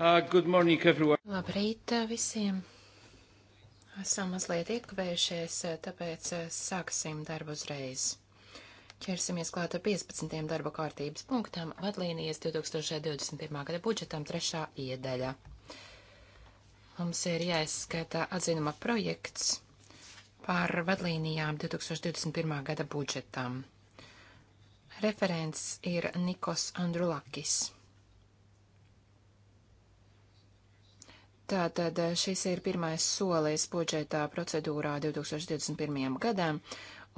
Uh, good morning, everyone. Labrīt uh, visiem. Esam mazliet iekavējušies, uh, tāpēc uh, sāksim darbu uzreiz. Ķersimies klāt ar 15. darba kārtības punktam - vadlīnijas 2021. gada budžetam trešā iedaļa. Mums ir jāizskata atzinuma projekts par vadlīnijām 2021. gada budžetam. Referents ir Nikos Andrulakis. Tātad eh, šis ir pirmais solis budžetā procedūrā 2021. gadam,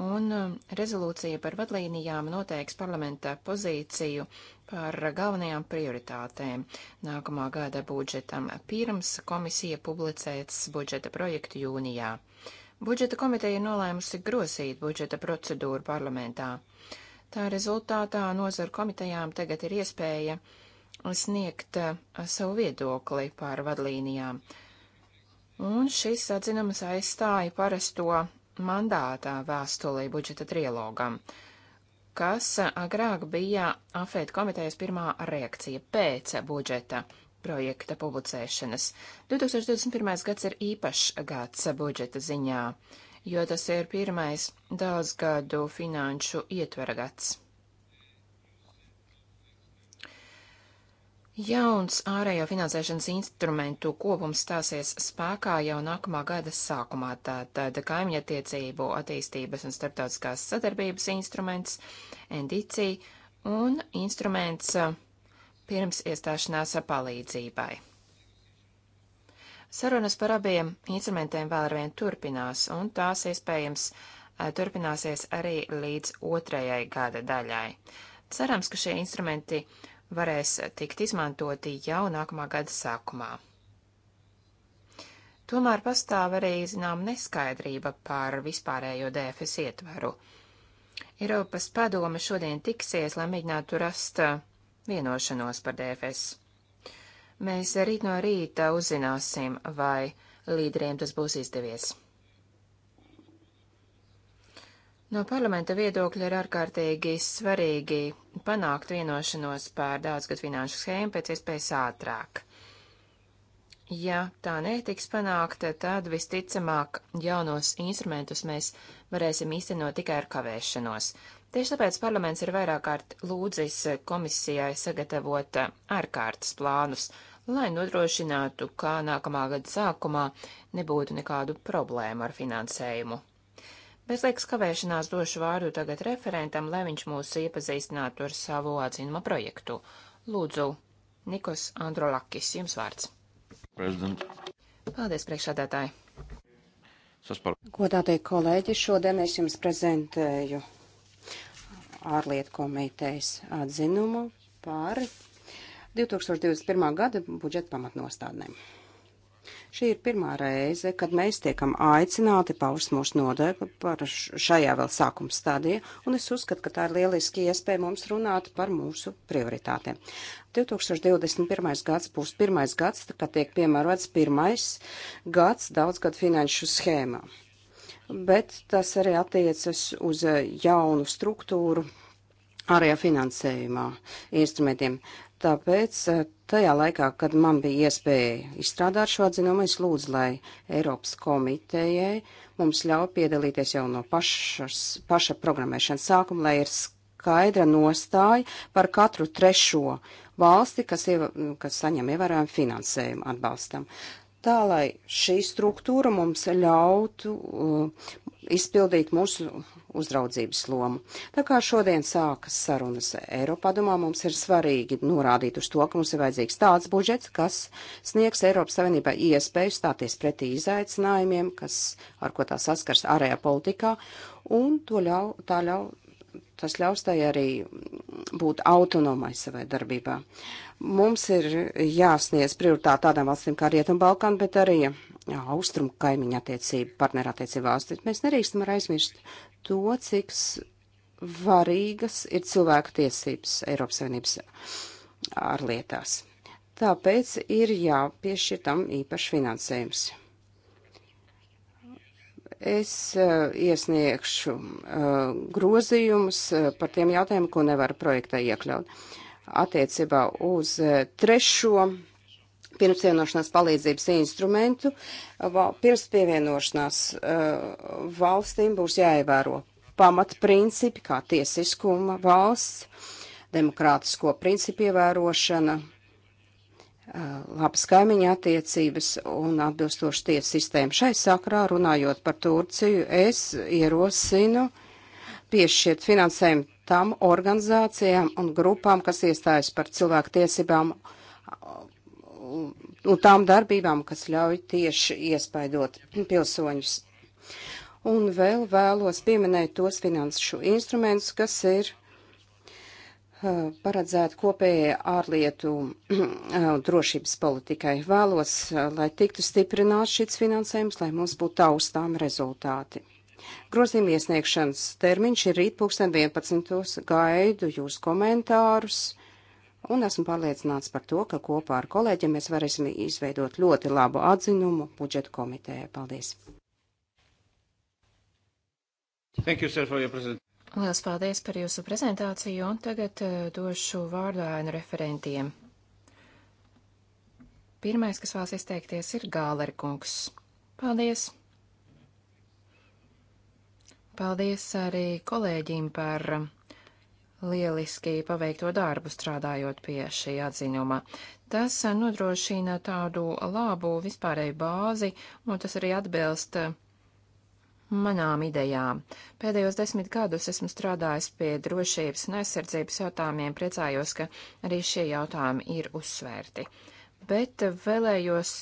un eh, rezolūcija par vadlīnijām noteiks parlamenta pozīciju par galvenajām prioritātēm nākamā gada budžetam, pirms komisija publicēts budžeta projektu jūnijā. Budžeta komiteja ir nolēmusi grosīt budžeta procedūru parlamentā. Tā rezultātā nozaru komitejām tagad ir iespēja sniegt eh, savu viedokli par vadlīnijām. Un šis atzinums aizstāja parasto mandātā vēstulī budžeta trilogam, kas eh, agrāk bija AFET komitejas pirmā reakcija pēc budžeta projekta publicēšanas. 2021. gads ir īpašs gads budžeta ziņā, jo tas ir pirmais daudzgadu finanšu ietvera gads. Jauns ārējo finansēšanas instrumentu kopums stāsies spēkā jau nākamā gada sākumā, tātad kaimiņattiecību attīstības un starptautiskās sadarbības instruments, NDC un instruments uh, pirms iestāšanās palīdzībai. Sarunas par abiem instrumentiem vēl arvien turpinās, un tās iespējams uh, turpināsies arī līdz otrajai gada daļai. Cerams, ka šie instrumenti varēs tikt izmantoti jau nākamā gada sākumā. Tomēr pastāv arī zinām neskaidrība par vispārējo DFS ietvaru. Eiropas padome šodien tiksies, lai mēģinātu rast uh, vienošanos par DFS. Mēs rīt no rīta uzzināsim, vai līderiem tas būs izdevies. No parlamenta viedokļa ir ārkārtīgi svarīgi panākt vienošanos par daudzgad finanšu schēmu pēc iespējas ātrāk. Ja tā netiks panākta, tad visticamāk jaunos instrumentus mēs varēsim īstenot tikai ar kavēšanos. Tieši tāpēc parlaments ir vairāk kārt lūdzis komisijai sagatavot ārkārtas plānus, lai nodrošinātu, ka nākamā gada sākumā nebūtu nekādu problēmu ar finansējumu. Bez liekas kavēšanās došu vārdu tagad referentam, lai viņš mūs iepazīstinātu ar savu atzinuma projektu. Lūdzu, Nikos Androlakis, jums vārds. Prezident. Paldies, priekšādātāji. Par... Godātie kolēģi, šodien es jums prezentēju ārlietu komitejas atzinumu par 2021. gada budžeta pamatnostādnēm. Šī ir pirmā reize, kad mēs tiekam aicināti paust mūsu nodeļu par šajā vēl sākuma stadijā, un es uzskatu, ka tā ir lieliski iespēja mums runāt par mūsu prioritātēm. 2021. gads būs pirmais gads, kad tiek piemērots pirmais gads daudzgadu finanšu schēmā. Bet tas arī attiecas uz eh, jaunu struktūru ārējā finansējumā instrumentiem. Tāpēc eh, tajā laikā, kad man bija iespēja izstrādāt šo atzinumu, es lūdzu, lai Eiropas komitejai mums ļauj piedalīties jau no pašas, paša programmēšanas sākuma, lai ir skaidra nostāja par katru trešo valsti, kas, ieva, kas saņem ievērojumu finansējumu atbalstam. Tā, lai šī struktūra mums ļautu uh, izpildīt mūsu uzraudzības lomu. Tā kā šodien sākas sarunas Eiropadomā, mums ir svarīgi norādīt uz to, ka mums ir vajadzīgs tāds budžets, kas sniegs Eiropas Savienībai iespēju stāties pretī izaicinājumiem, kas, ar ko tā saskars ārējā politikā, un to ļau, tā ļau, tas ļaus tai arī būt autonomai savai darbībā. Mums ir jāsniedz prioritāte tādām valstīm kā Rietumbalkāna, bet arī austrumu kaimiņu attiecību, partnerattiecību valstis. Mēs nerīkstam ar aizmirst to, cik svarīgas ir cilvēku tiesības Eiropas Savienības ārlietās. Tāpēc ir jāpiešķir tam īpašs finansējums. Es uh, iesniegšu uh, grozījumus uh, par tiem jautājumiem, ko nevar projektā iekļaut. Attiecībā uz uh, trešo uh, pirms pievienošanās palīdzības instrumentu, pirms pievienošanās valstīm būs jāievēro pamatprincipi, kā tiesiskuma valsts, demokrātisko principu ievērošana, eh, labas kaimiņa attiecības un atbilstoši tiesu sistēmu. Šai sakrā, runājot par Turciju, es ierosinu piešķirt finansējumu tam organizācijām un grupām, kas iestājas par cilvēku tiesībām un tām darbībām, kas ļauj tieši iespaidot pilsoņus. Un vēl vēlos pieminēt tos finanšu instrumentus, kas ir uh, paredzēti kopējai ārlietu uh, drošības politikai. Vēlos, uh, lai tiktu stiprināts šis finansējums, lai mums būtu taustām rezultāti. Grozījuma iesniegšanas termiņš ir rīt 2011. Gaidu jūs komentārus un esmu pārliecināts par to, ka kopā ar kolēģiem mēs varēsim izveidot ļoti labu atzinumu budžeta komitē. Paldies! Thank you, sir, for your presentation. Lielas paldies par jūsu prezentāciju, un tagad uh, došu vārdu ēnu referentiem. Pirmais, kas vēlas izteikties, ir Gāler kungs. Paldies! Paldies arī kolēģim par lieliski paveikto darbu strādājot pie šī atzinuma. Tas nodrošina tādu labu vispārēju bāzi, un tas arī atbilst manām idejām. Pēdējos desmit gadus esmu strādājis pie drošības un aizsardzības jautājumiem, priecājos, ka arī šie jautājumi ir uzsvērti. Bet vēlējos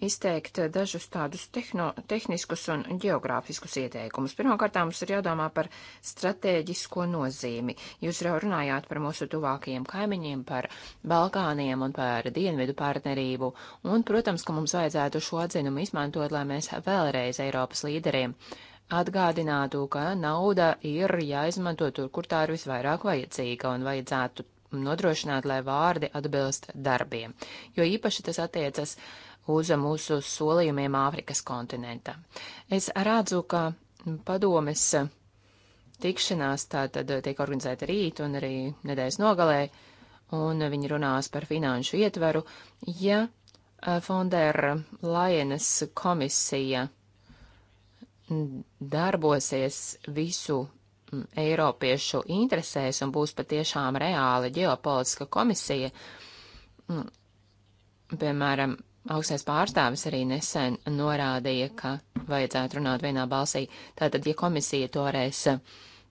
izteikt dažus tādus tehno, tehniskus un geogrāfiskus ieteikumus. Pirmkārt, mums ir jādomā par stratēģisko nozīmi. Jūs jau runājāt par mūsu tuvākajiem kaimiņiem, par Balkāniem un par Dienvidu partnerību, un, protams, ka mums vajadzētu šo atzinumu izmantot, lai mēs vēlreiz Eiropas līderiem atgādinātu, ka nauda ir jāizmanto tur, kur tā ir visvairāk vajadzīga un vajadzētu nodrošināt, lai vārdi atbilst darbiem. Jo īpaši tas attiecas uz mūsu solījumiem Āfrikas kontinentā. Es redzu, ka padomes tikšanās tātad tiek organizēta rīt un arī nedēļas nogalē, un viņi runās par finanšu ietveru. Ja Fondera eh, Lajenes komisija darbosies visu mm, Eiropiešu interesēs un būs patiešām reāla ģeopolitiska komisija, mm, piemēram, augstais pārstāvis arī nesen norādīja, ka vajadzētu runāt vienā balsī. Tātad, ja komisija to varēs eh,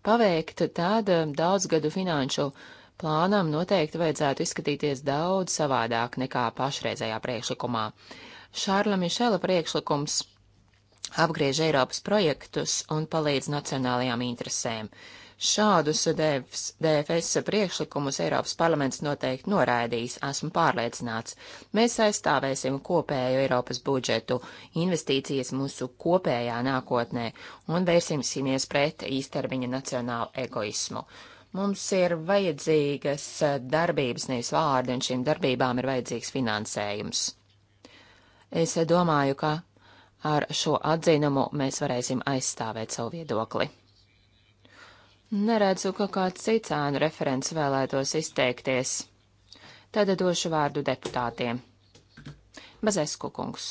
paveikt, tad eh, daudzgadu finanšu plānam noteikti vajadzētu izskatīties daudz savādāk nekā pašreizējā priekšlikumā. Šārla Mišela priekšlikums apgriež Eiropas projektus un palīdz nacionālajām interesēm. Šādus DFS priekšlikumus Eiropas parlaments noteikti noraidīs, esmu pārliecināts. Mēs aizstāvēsim kopēju Eiropas budžetu, investīcijas mūsu kopējā nākotnē un vērsīsimies pret īstermiņa nacionālu egoismu. Mums ir vajadzīgas darbības, nevis vārdi, un šīm darbībām ir vajadzīgs finansējums. Es domāju, ka ar šo atzinumu mēs varēsim aizstāvēt savu viedokli. Neredzu, ka kāds cits ēnu referents vēlētos izteikties. Tad došu vārdu deputātiem. Bazesku kungs.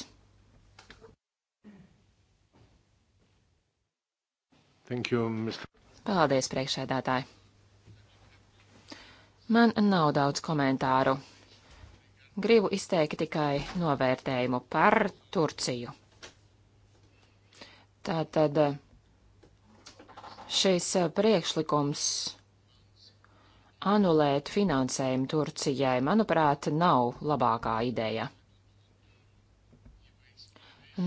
Thank you, Mr. Paldies, priekšēdātāji. Man nav daudz komentāru. Gribu izteikt tikai novērtējumu par Turciju. Tātad. tad šis eh, priekšlikums anulēt finansējumu Turcijai, manuprāt, nav labākā ideja.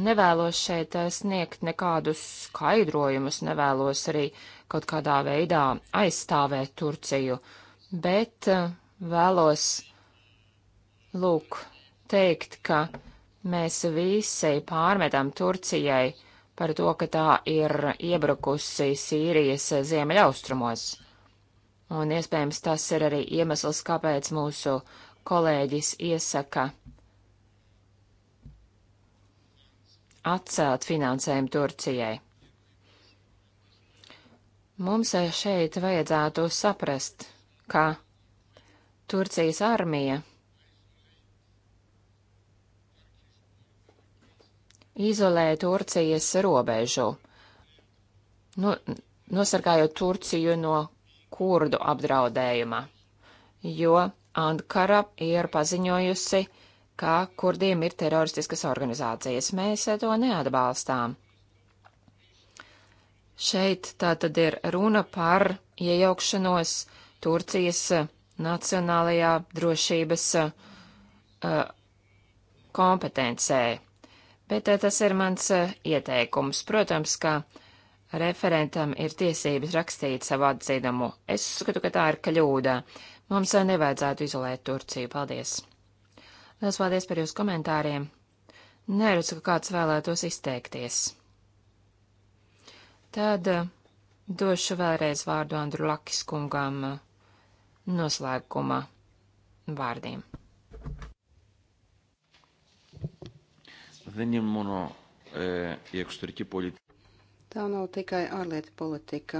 Nevēlos šeit eh, sniegt nekādus skaidrojumus, nevēlos arī kaut kādā veidā aizstāvēt Turciju, bet eh, vēlos lūk teikt, ka mēs visi pārmetam Turcijai, par to, ka tā ir iebrukusi Sīrijas ziemeļaustrumos. Un iespējams tas ir arī iemesls, kāpēc mūsu kolēģis iesaka atcelt finansējumu Turcijai. Mums šeit vajadzētu saprast, ka Turcijas armija izolē Turcijas robežu, nu, nosargājot Turciju no kurdu apdraudējuma, jo Ankara ir paziņojusi, ka kurdiem ir teroristiskas organizācijas. Mēs to neatbalstām. Šeit tā tad ir runa par iejaukšanos Turcijas nacionālajā drošības uh, kompetencē. Bet eh, tas ir mans eh, ieteikums. Protams, ka referentam ir tiesības rakstīt savu atzinumu. Es uzskatu, ka tā ir kļūda. Mums eh, nevajadzētu izolēt Turciju. Paldies! Lielas paldies par jūsu komentāriem. Neredzu, ka kāds vēlētos izteikties. Tad došu vēlreiz vārdu Andru Lakis kungam noslēguma vārdiem. δεν είναι μόνο ε, η εξωτερική πολιτική. Tā nav tikai ārlietu politika.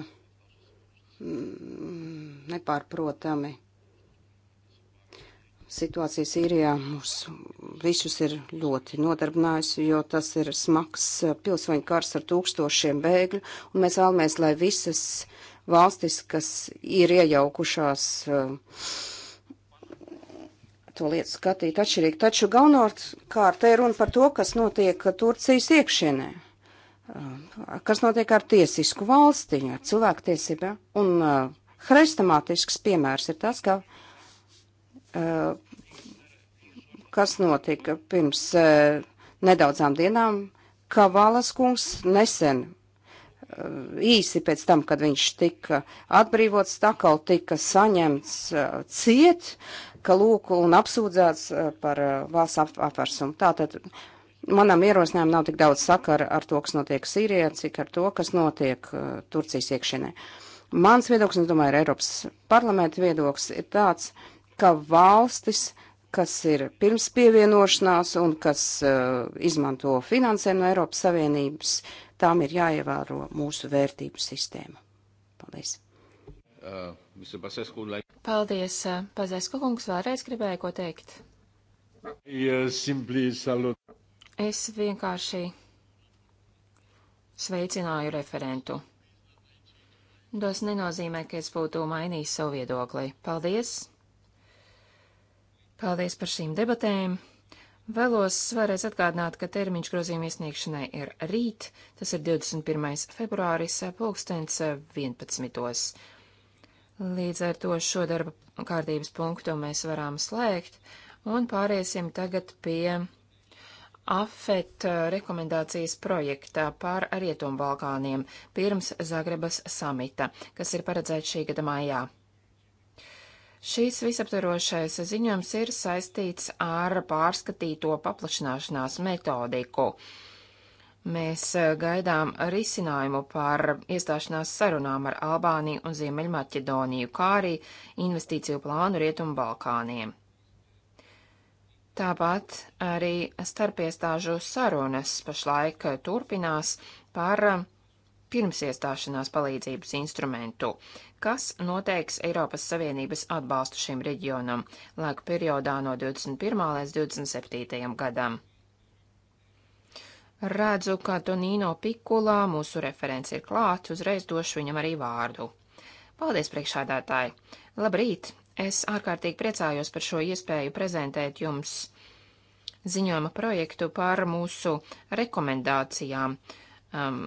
Mm, nepārprotami. Situācija Sīrijā mūs visus ir ļoti nodarbinājusi, jo tas ir smags pilsoņu kars ar tūkstošiem bēgļu, un mēs vēlamies, lai visas valstis, kas ir iejaukušās uh, to lietu skatīt atšķirīgi. Taču galvenokārt ir runa par to, kas notiek Turcijas iekšienē, uh, kas notiek ar tiesisku valstiņu, ar cilvēktiesībām. Un uh, hrestamātisks piemērs ir tas, ka, uh, kas notika pirms uh, nedaudzām dienām, ka Valas kungs nesen uh, īsi pēc tam, kad viņš tika atbrīvots, tā kā tika saņemts uh, ciet, uh, ka lūk un apsūdzēts eh, par eh, valsts ap apvērsumu. Tātad manam ierosinājumam nav tik daudz sakara ar to, kas notiek Sīrijā, cik ar to, kas notiek eh, Turcijas iekšienē. Mans viedoklis, un domāju, ir Eiropas parlamenta viedoklis, ir tāds, ka valstis, kas ir pirms pievienošanās un kas uh, izmanto finansēm no Eiropas Savienības, tām ir jāievēro mūsu vērtību sistēma. Paldies! Paldies, Pazēsku eh, kungs, vēlreiz gribēju ko teikt. Es vienkārši sveicināju referentu. Tas nenozīmē, ka es būtu mainījis savu viedokli. Paldies! Paldies par šīm debatēm! Vēlos vēlreiz atgādināt, ka termiņš grozījuma iesniegšanai ir rīt, tas ir 21. februāris, eh, pulkstens 11. Eh, Līdz ar to šo darba kārtības punktu mēs varam slēgt un pāriesim tagad pie AFET uh, rekomendācijas projektā par Rietumbalkāniem pirms Zagrebas samita, kas ir paredzēts šī gada maijā. Šīs visaptverošais ziņojums ir saistīts ar pārskatīto paplašināšanās metodiku. Uh, Mēs eh, gaidām risinājumu par iestāšanās sarunām ar Albāniju un Ziemeļmaķedoniju, kā arī investīciju plānu Rietumu Balkāniem. Tāpat arī starpiestāžu sarunas pašlaik turpinās par eh, pirms iestāšanās palīdzības instrumentu, kas noteiks Eiropas Savienības atbalstu šim reģionam laika periodā no 21. līdz 27. gadam. Redzu, ka Tonino Pikulā mūsu referents ir klāts, uzreiz došu viņam arī vārdu. Paldies, priekšādātāji! Labrīt! Es ārkārtīgi priecājos par šo iespēju prezentēt jums ziņojuma projektu par mūsu rekomendācijām um,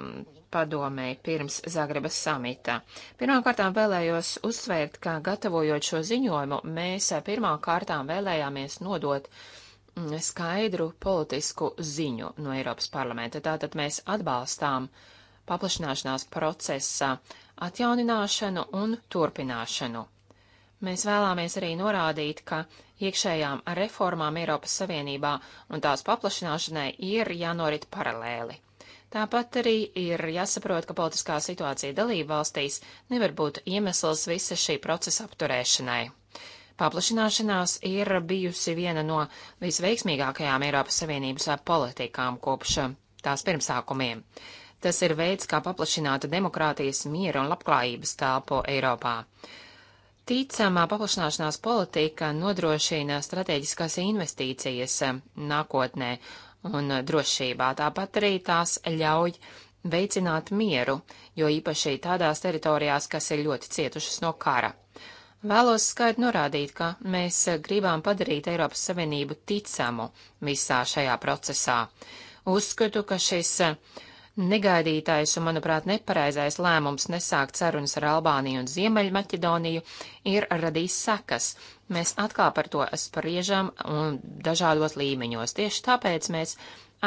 padomēji pirms Zagrebas samita. Pirmkārtām vēlējos uzsvērt, ka gatavojot šo ziņojumu, mēs uh, pirmkārtām vēlējāmies nodot uh, skaidru politisku ziņu no Eiropas parlamenta. Tātad mēs atbalstām paplašināšanās procesa atjaunināšanu un turpināšanu. Mēs vēlamies arī norādīt, ka iekšējām reformām Eiropas Savienībā un tās paplašināšanai ir jānorit paralēli. Tāpat arī ir jāsaprot, ka politiskā situācija dalību valstīs nevar būt iemesls visa šī procesa apturēšanai. Paplašināšanās ir bijusi viena no visveiksmīgākajām Eiropas Savienības politikām kopš tās pirmsākumiem. Tas ir veids, kā paplašināt demokrātijas miera un labklājības telpu Eiropā. Ticamā paplašināšanās politika nodrošina strateģiskās investīcijas nākotnē un drošībā, tāpat arī tās ļauj veicināt mieru, jo īpaši tādās teritorijās, kas ir ļoti cietušas no kara. Vēlos skaidri norādīt, ka mēs eh, gribam padarīt Eiropas Savienību ticamu visā šajā procesā. Uzskatu, ka šis eh, negaidītais un, manuprāt, nepareizais lēmums nesākt sarunas ar Albāniju un Ziemeļmaķedoniju ir radījis sekas. Mēs atkal par to spriežam un dažādos līmeņos. Tieši tāpēc mēs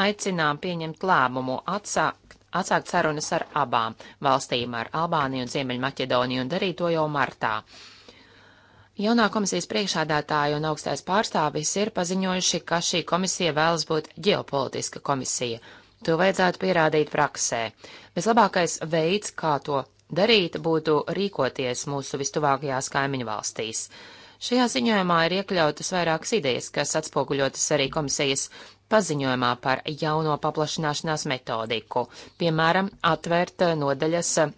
aicinām pieņemt lēmumu atsākt atsākt sarunas ar abām valstīm, ar Albāniju un Ziemeļmaķedoniju, un darīt to jau martā. Jaunā komisijas priekšādātāja un augstais pārstāvis ir paziņojuši, ka šī komisija vēlas būt ģeopolitiska komisija. To vajadzētu pierādīt praksē. Vislabākais veids, kā to darīt, būtu rīkoties mūsu vistuvākajās kaimiņu valstīs. Šajā ziņojumā ir iekļautas vairākas idejas, kas atspoguļotas arī komisijas paziņojumā par jauno paplašināšanās metodiku, piemēram, atvērt eh, nodaļas eh,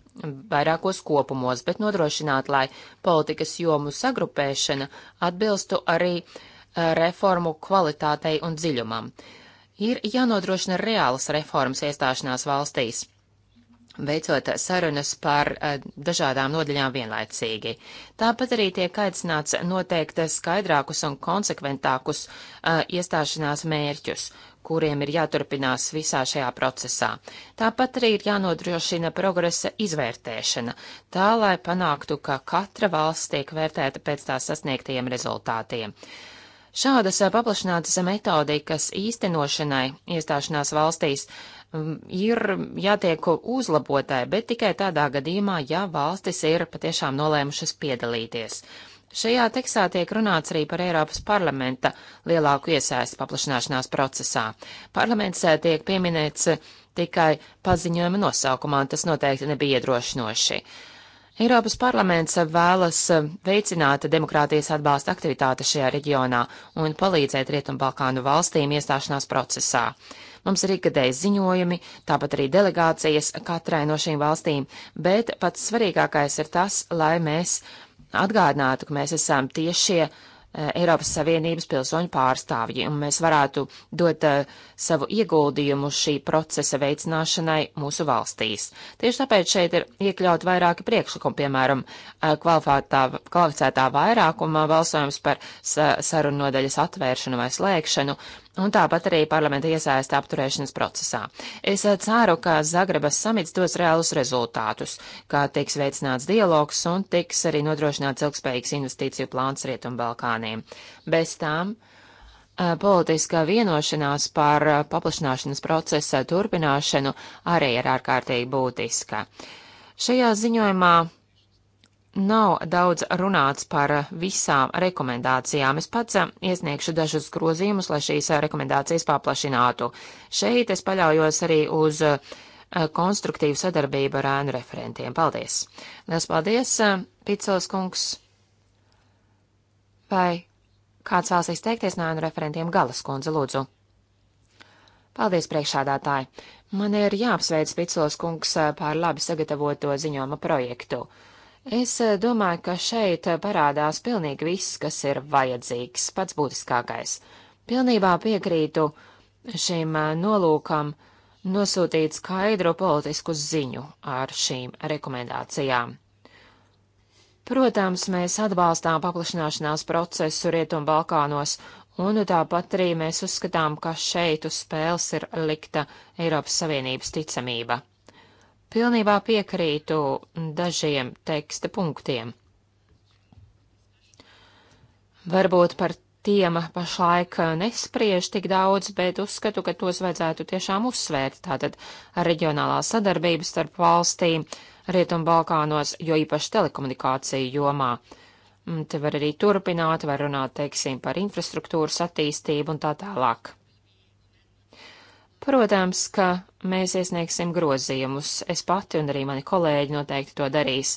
vairākos kopumos, bet nodrošināt, lai politikas jomu sagrupēšana atbilstu arī eh, reformu kvalitātei un dziļumam. Ir jānodrošina reālas reformas iestāšanās valstīs veicot sarunas par eh, dažādām nodaļām vienlaicīgi. Tāpat arī tiek aicināts noteikt skaidrākus un konsekventākus uh, iestāšanās mērķus, kuriem ir jāturpinās visā šajā procesā. Tāpat arī ir jānodrošina progresa izvērtēšana, tā lai panāktu, ka katra valsts tiek vērtēta pēc tās sasniegtajiem rezultātiem. Uh, Šādas paplašinātas metodikas īstenošanai iestāšanās valstīs ir jātiek uzlabotai, bet tikai tādā gadījumā, ja valstis ir patiešām nolēmušas piedalīties. Šajā tekstā tiek runāts arī par Eiropas parlamenta lielāku iesaistu paplašināšanās procesā. Parlaments tiek pieminēts tikai paziņojuma nosaukumā, un tas noteikti nebija iedrošinoši. Uh, Eiropas parlaments vēlas eh, veicināt demokrātijas atbalsta aktivitāti šajā reģionā un palīdzēt Rietumbalkānu valstīm iestāšanās procesā. Mums ir ikgadējas ziņojumi, tāpat arī delegācijas katrai no šīm valstīm, bet pats svarīgākais ir tas, lai mēs atgādinātu, ka mēs esam tiešie eh, Eiropas Savienības pilsoņu pārstāvji, un mēs varētu dot uh, savu ieguldījumu šī procesa veicināšanai mūsu valstīs. Tieši tāpēc šeit ir iekļaut vairāki priekšlikumi, piemēram, eh, kvalificētā vairākuma balsojums par sa sarunu nodaļas atvēršanu vai slēgšanu, un tāpat arī parlamenta iesaista apturēšanas procesā. Es eh, ceru, ka Zagrebas samits dos reālus rezultātus, kā tiks veicināts dialogs un tiks arī nodrošināts ilgspējīgs investīciju plāns Rietumbalkāniem. Bez tām politiskā vienošanās par paplašināšanas procesa turpināšanu arī ir ārkārtīgi būtiska. Šajā ziņojumā nav daudz runāts par visām rekomendācijām. Es pats iesniegšu dažus grozījumus, lai šīs rekomendācijas paplašinātu. Šeit es paļaujos arī uz konstruktīvu sadarbību ar ēnu referentiem. Paldies! Lielas paldies, Picels kungs! Vai Kāds vēlas izteikties no ANU referentiem Galas kundze, lūdzu? Paldies, priekšādātāji! Man ir jāapsveic Picols kungs eh, par labi sagatavoto ziņojuma projektu. Es eh, domāju, ka šeit parādās pilnīgi viss, kas ir vajadzīgs, pats būtiskākais. Pilnībā piekrītu šim eh, nolūkam nosūtīt skaidru politisku ziņu ar šīm rekomendācijām. Protams, mēs atbalstām paplašināšanās procesu Rietumbalkānos, un tāpat arī mēs uzskatām, ka šeit uz spēles ir likta Eiropas Savienības ticamība. Pilnībā piekrītu dažiem teksta punktiem. Varbūt par tiem pašlaik nespriež tik daudz, bet uzskatu, ka tos vajadzētu tiešām uzsvērt. Tātad reģionālā sadarbība starp valstīm, uh, Rietumbalkānos, jo īpaši telekomunikāciju jomā. Mm, te var arī turpināt, var runāt, teiksim, par infrastruktūras attīstību un tā tālāk. Protams, ka mēs iesniegsim grozījumus. Es pati un arī mani kolēģi noteikti to darīs,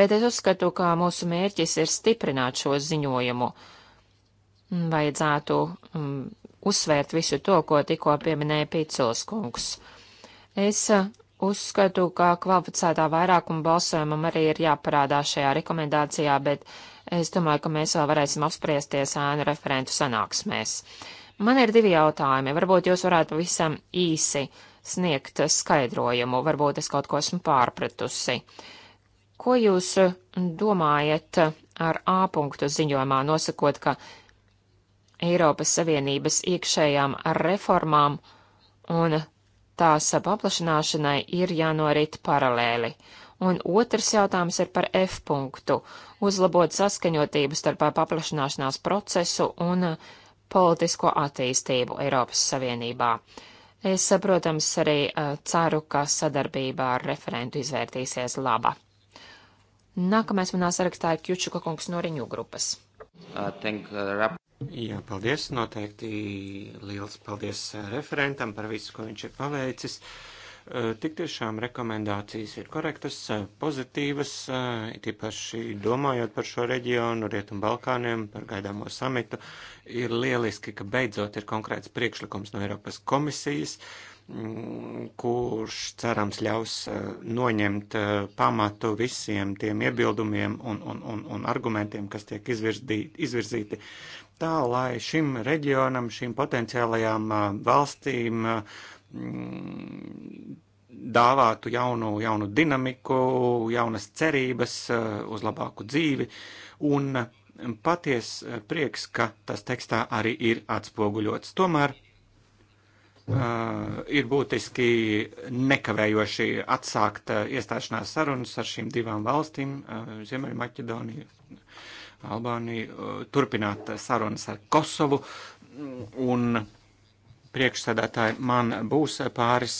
bet es uzskatu, ka mūsu mērķis ir stiprināt šo ziņojumu. Mm, vajadzētu um, uzsvērt visu to, ko tikko pieminēja Pīcols kungs. Es Uzskatu, ka kvalificētā vairākuma balsojumam arī ir jāparādās šajā rekomendācijā, bet es domāju, ka mēs vēl varēsim apspriesties ēnu referentu sanāksmēs. Man ir divi jautājumi, varbūt jūs varētu pavisam īsi sniegt skaidrojumu, varbūt es kaut ko esmu pārpratusi. Ko jūs domājat ar A punktu ziņojumā nosakot, ka Eiropas Savienības iekšējām reformām un tās paplašanāšanai ir jānorit paralēli. Un otrs jautājums ir par F punktu - uzlabot saskaņotību starp paplašanāšanās procesu un politisko attīstību Eiropas Savienībā. Es, protams, arī eh, ceru, ka sadarbība ar referentu izvērtīsies laba. Nākamais manā sarakstā ir Kjučuka kungs no riņu grupas. Uh, uh, Jā, paldies. Noteikti liels paldies uh, referentam par visu, ko viņš ir paveicis. Tik tiešām rekomendācijas ir korektas, pozitīvas, tīpaši domājot par šo reģionu, Rietumu Balkāniem, par gaidāmo samitu. Ir lieliski, ka beidzot ir konkrēts priekšlikums no Eiropas komisijas. Uh, Mm, kurš cerams ļaus eh, noņemt eh, pamatu visiem tiem iebildumiem un, un, un, un argumentiem, kas tiek izvirzīti, izvirzīti, tā lai šim reģionam, šīm potenciālajām eh, valstīm mm, dāvātu jaunu, jaunu dinamiku, jaunas cerības uz labāku dzīvi un paties prieks, ka tas tekstā arī ir atspoguļots. Tomēr Uh, ir būtiski nekavējoši atsākt uh, iestāšanās sarunas ar šīm divām valstīm, uh, Ziemeļa Maķedoniju, Albāniju, turpināt sarunas ar Kosovu. Un priekšsēdētāji man būs pāris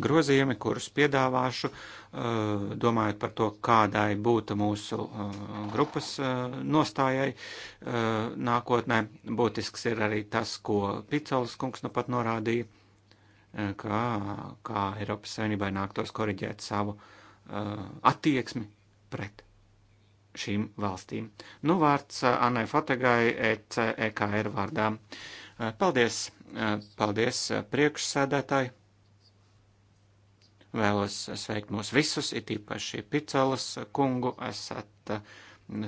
grozījumi, kurus piedāvāšu. Uh, Eh, domājot par to, kādai būtu mūsu eh, grupas eh, nostājai nākotnē. Būtisks ir arī tas, ko Picols kungs nu pat norādīja, ka, kā Eiropas Savienībai nāktos koriģēt savu attieksmi pret šīm valstīm. Nu, vārds Annai Fotegai, ECR e vārdā. Paldies, paldies priekšsēdētāji! Vēlos sveikt mūs visus, it īpaši Picelas kungu. Esat eh,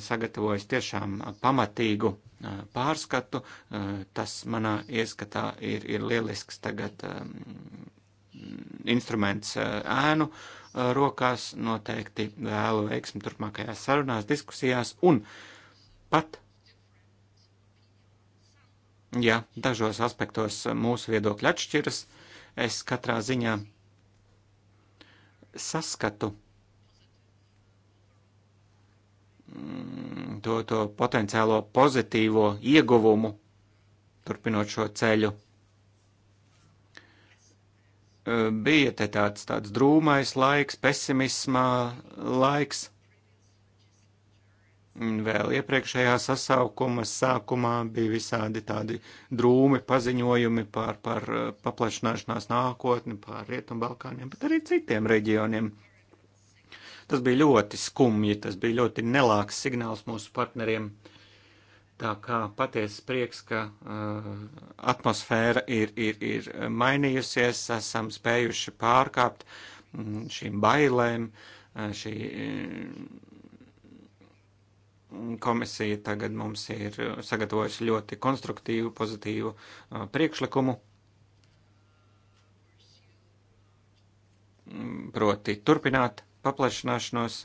sagatavojis tiešām pamatīgu eh, pārskatu. Eh, tas manā ieskatā ir, ir lielisks tagad instruments ēnu rokās. Noteikti vēlu veiksmi turpmākajās sarunās, diskusijās un pat. Ja dažos aspektos mūsu viedokļi atšķiras, es katrā ziņā saskatu mm, to, to potenciālo pozitīvo ieguvumu, turpinot šo ceļu. Bija te tāds, tāds drūmais laiks, pesimismā laiks Vēl iepriekšējā sasaukuma sākumā bija visādi tādi drūmi paziņojumi par, par eh, paplašināšanās nākotni, par Rietumbalkāniem, bet arī citiem reģioniem. Tas bija ļoti skumji, tas bija ļoti nelāks signāls mūsu partneriem. Tā kā patiesa prieks, ka uh, atmosfēra ir, ir, ir mainījusies, esam spējuši pārkāpt mm, šīm bailēm, eh, šī. Mm, Komisija tagad mums ir sagatavojusi ļoti konstruktīvu, pozitīvu uh, priekšlikumu, mm, proti turpināt paplašināšanos.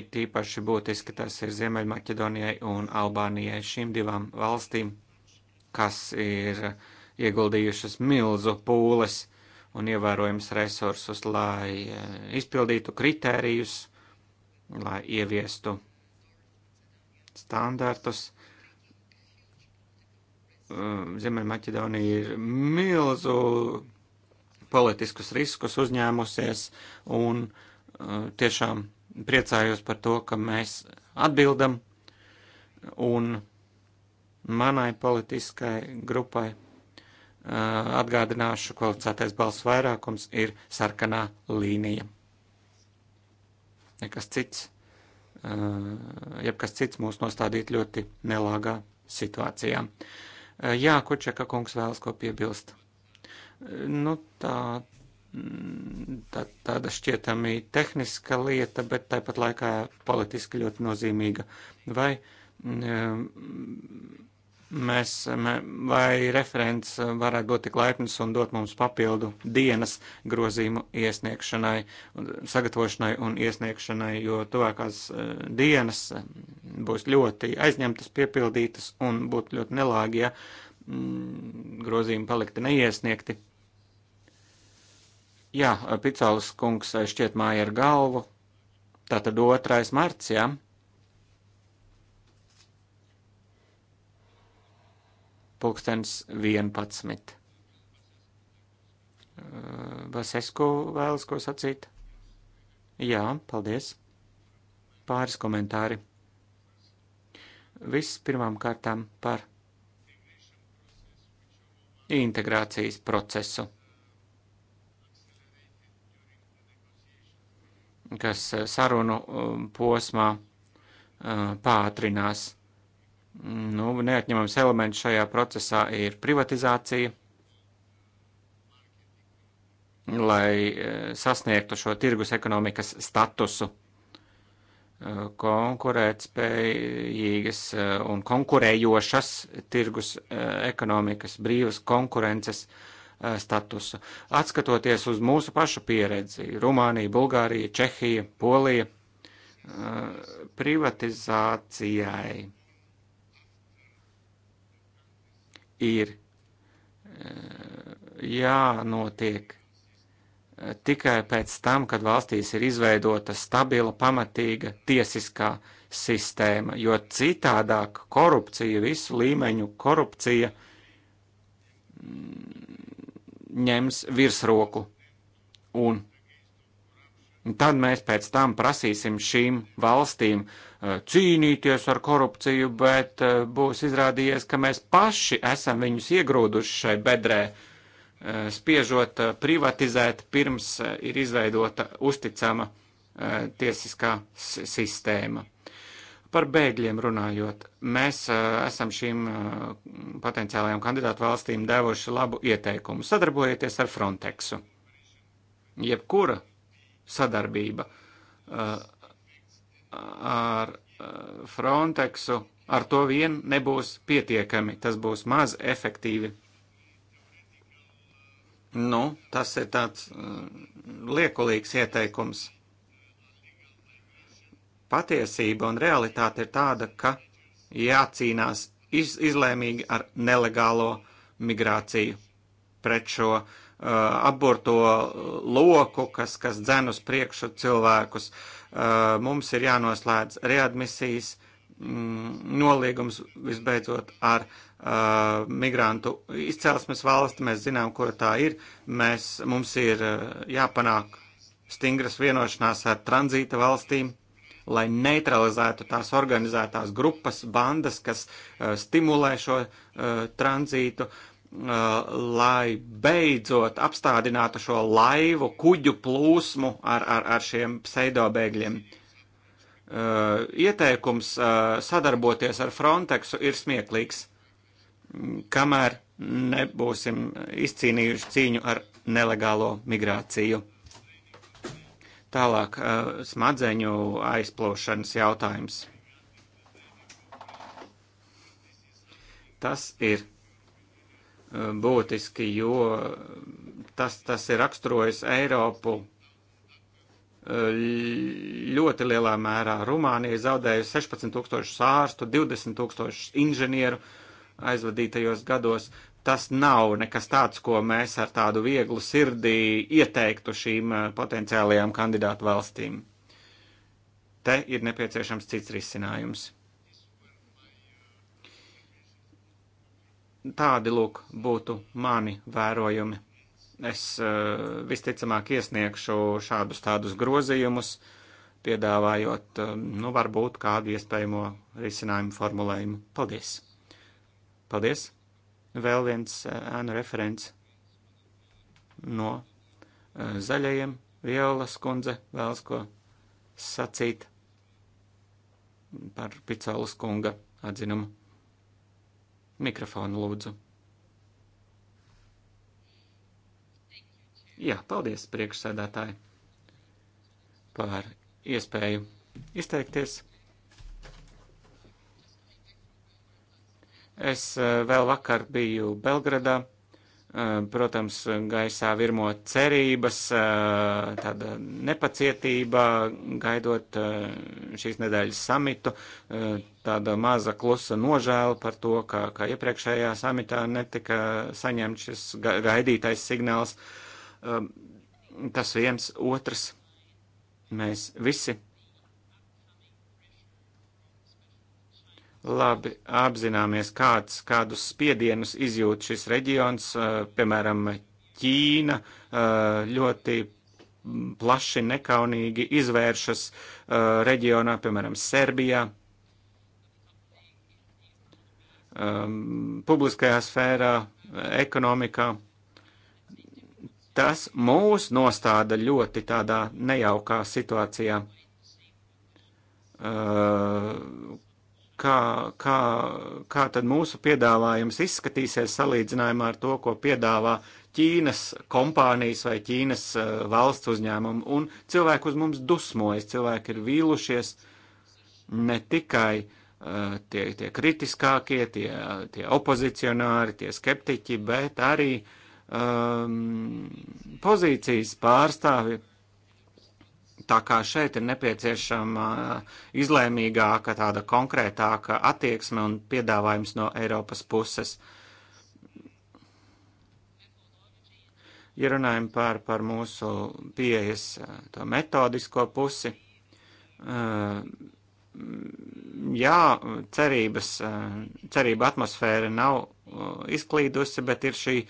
Ir tīpaši būtiski tas ir Ziemeļmaķedonijai un Albānijai, šīm divām valstīm, kas ir ieguldījušas milzu pūles un ievērojams resursus, lai eh, izpildītu kritērijus, lai ieviestu standartus. Um, Ziemeļmaķedonija ir milzu politiskus riskus uzņēmusies, un uh, tiešām priecājos par to, ka mēs atbildam, un manai politiskai grupai Atgādināšu, kvalificētais balsu vairākums ir sarkanā līnija. Nekas cits, jebkas cits mūs nostādīt ļoti nelāgā situācijā. Jā, Kučeka kungs vēlas ko piebilst. Nu, tā, mm, tā, tāda šķietami tehniska lieta, bet tāpat laikā politiski ļoti nozīmīga. Vai um, mēs, mē, vai referents varētu būt tik laipns un dot mums papildu dienas grozīmu iesniegšanai, sagatavošanai un iesniegšanai, jo tuvākās e, dienas e, būs ļoti aizņemtas, piepildītas un būtu ļoti nelāgi, ja mm, grozījumi palikti neiesniegti. Jā, Picāls kungs e, šķiet māja ar galvu. Tātad 2. marts, jā. Ja? pulkstens 11. Vasesku eh, vēlas ko sacīt? Jā, paldies. Pāris komentāri. Viss pirmām kārtām par integrācijas procesu, kas sarunu um, posmā uh, pātrinās. Nu, neatņemams elements šajā procesā ir privatizācija, lai e, sasniegtu šo tirgus ekonomikas statusu. E, konkurētspējīgas e, un konkurējošas tirgus ekonomikas, brīvas konkurences statusu. Atskatoties uz mūsu pašu pieredzi, Rumānija, Bulgārija, Čehija, Polija, privatizācijai ir eh, jānotiek eh, tikai pēc tam, kad valstīs ir izveidota stabila, pamatīga tiesiskā sistēma, jo citādāk korupcija, visu līmeņu korupcija mm, ņems virsroku un Tad mēs pēc tam prasīsim šīm valstīm eh, cīnīties ar korupciju, bet eh, būs izrādījies, ka mēs paši esam viņus iegrūduši šai bedrē, eh, spiežot privatizēt pirms ir izveidota uzticama tiesiskā sistēma par bēgļiem runājot, mēs uh, esam šīm uh, potenciālajām kandidātu valstīm devuši labu ieteikumu. Sadarbojieties ar Frontexu. Jebkura sadarbība uh, ar uh, Frontexu. Ar to vien nebūs pietiekami, tas būs maz efektīvi. Nu, tas ir tāds uh, liekulīgs ieteikums. Patiesība un realitāte ir tāda, ka jācīnās iz, izlēmīgi ar nelegālo migrāciju pret šo uh, Uh, apburto loku, kas, kas dzen uz priekšu cilvēkus. Uh, mums ir jānoslēdz readmisijas mm, nolīgums visbeidzot ar uh, migrantu izcelsmes valsti. Mēs zinām, kura tā ir. Mēs, mums ir uh, jāpanāk stingras vienošanās ar tranzīta valstīm, lai neutralizētu tās organizētās grupas, bandas, kas uh, stimulē šo uh, tranzītu. Uh, Uh, lai beidzot apstādinātu šo laivu kuģu plūsmu ar, ar, ar šiem pseidobēgļiem. Uh, ieteikums uh, sadarboties ar Frontexu ir smieklīgs, kamēr nebūsim izcīnījuši cīņu ar nelegālo migrāciju. Tālāk smadzeņu aizplūšanas jautājums. Tas ir būtiski, jo tas, tas ir raksturojis Eiropu eh, ļoti lielā mērā. Rumānija zaudējusi 16 tūkstošu sārstu, 20 tūkstošu inženieru aizvadītajos gados. Tas nav nekas tāds, ko mēs ar tādu vieglu sirdī ieteiktu šīm eh, potenciālajām kandidātu valstīm. Te ir nepieciešams cits risinājums. Tādi, lūk, būtu mani vērojumi. Es eh, visticamāk iesniegšu šādus tādus grozījumus, piedāvājot, eh, nu, varbūt kādu iespējamo risinājumu formulējumu. Paldies! Paldies! Vēl viens eh, ēnu referents no zaļajiem. Violas kundze vēlas ko sacīt par Picolas kunga atzinumu. Mikrofonu lūdzu. Jā, paldies priekšsēdētāji par iespēju izteikties. Es eh, vēl vakar biju Belgradā Eh, protams, gaisā virmo cerības, eh, tāda nepacietība, gaidot eh, šīs nedēļas samitu, tāda maza klusa nožēla par to, ka, ka iepriekšējā samitā netika saņemts šis gaidītais signāls. Tas viens otrs, mēs visi labi apzināmies, kāds, kādus spiedienus izjūt šis reģions, eh, piemēram, Ķīna eh, ļoti plaši nekaunīgi izvēršas eh, reģionā, piemēram, Serbijā. Ehm, publiskajā sfērā, ekonomikā. Tas mūs nostāda ļoti tādā nejaukā situācijā kā, kā, kā tad mūsu piedāvājums izskatīsies salīdzinājumā ar to, ko piedāvā Ķīnas kompānijas vai Ķīnas uh, valsts uzņēmumu. Un cilvēki uz mums dusmojas, cilvēki ir vīlušies ne tikai uh, tie, tie kritiskākie, tie, tie opozicionāri, tie skeptiķi, bet arī um, pozīcijas pārstāvi Tā kā šeit ir nepieciešama uh, izlēmīgāka, tāda konkrētāka attieksme un piedāvājums no Eiropas puses. Ja runājam par, par mūsu pieejas uh, to metodisko pusi, uh, jā, cerības, cerība atmosfēra nav izklīdusi, bet ir šī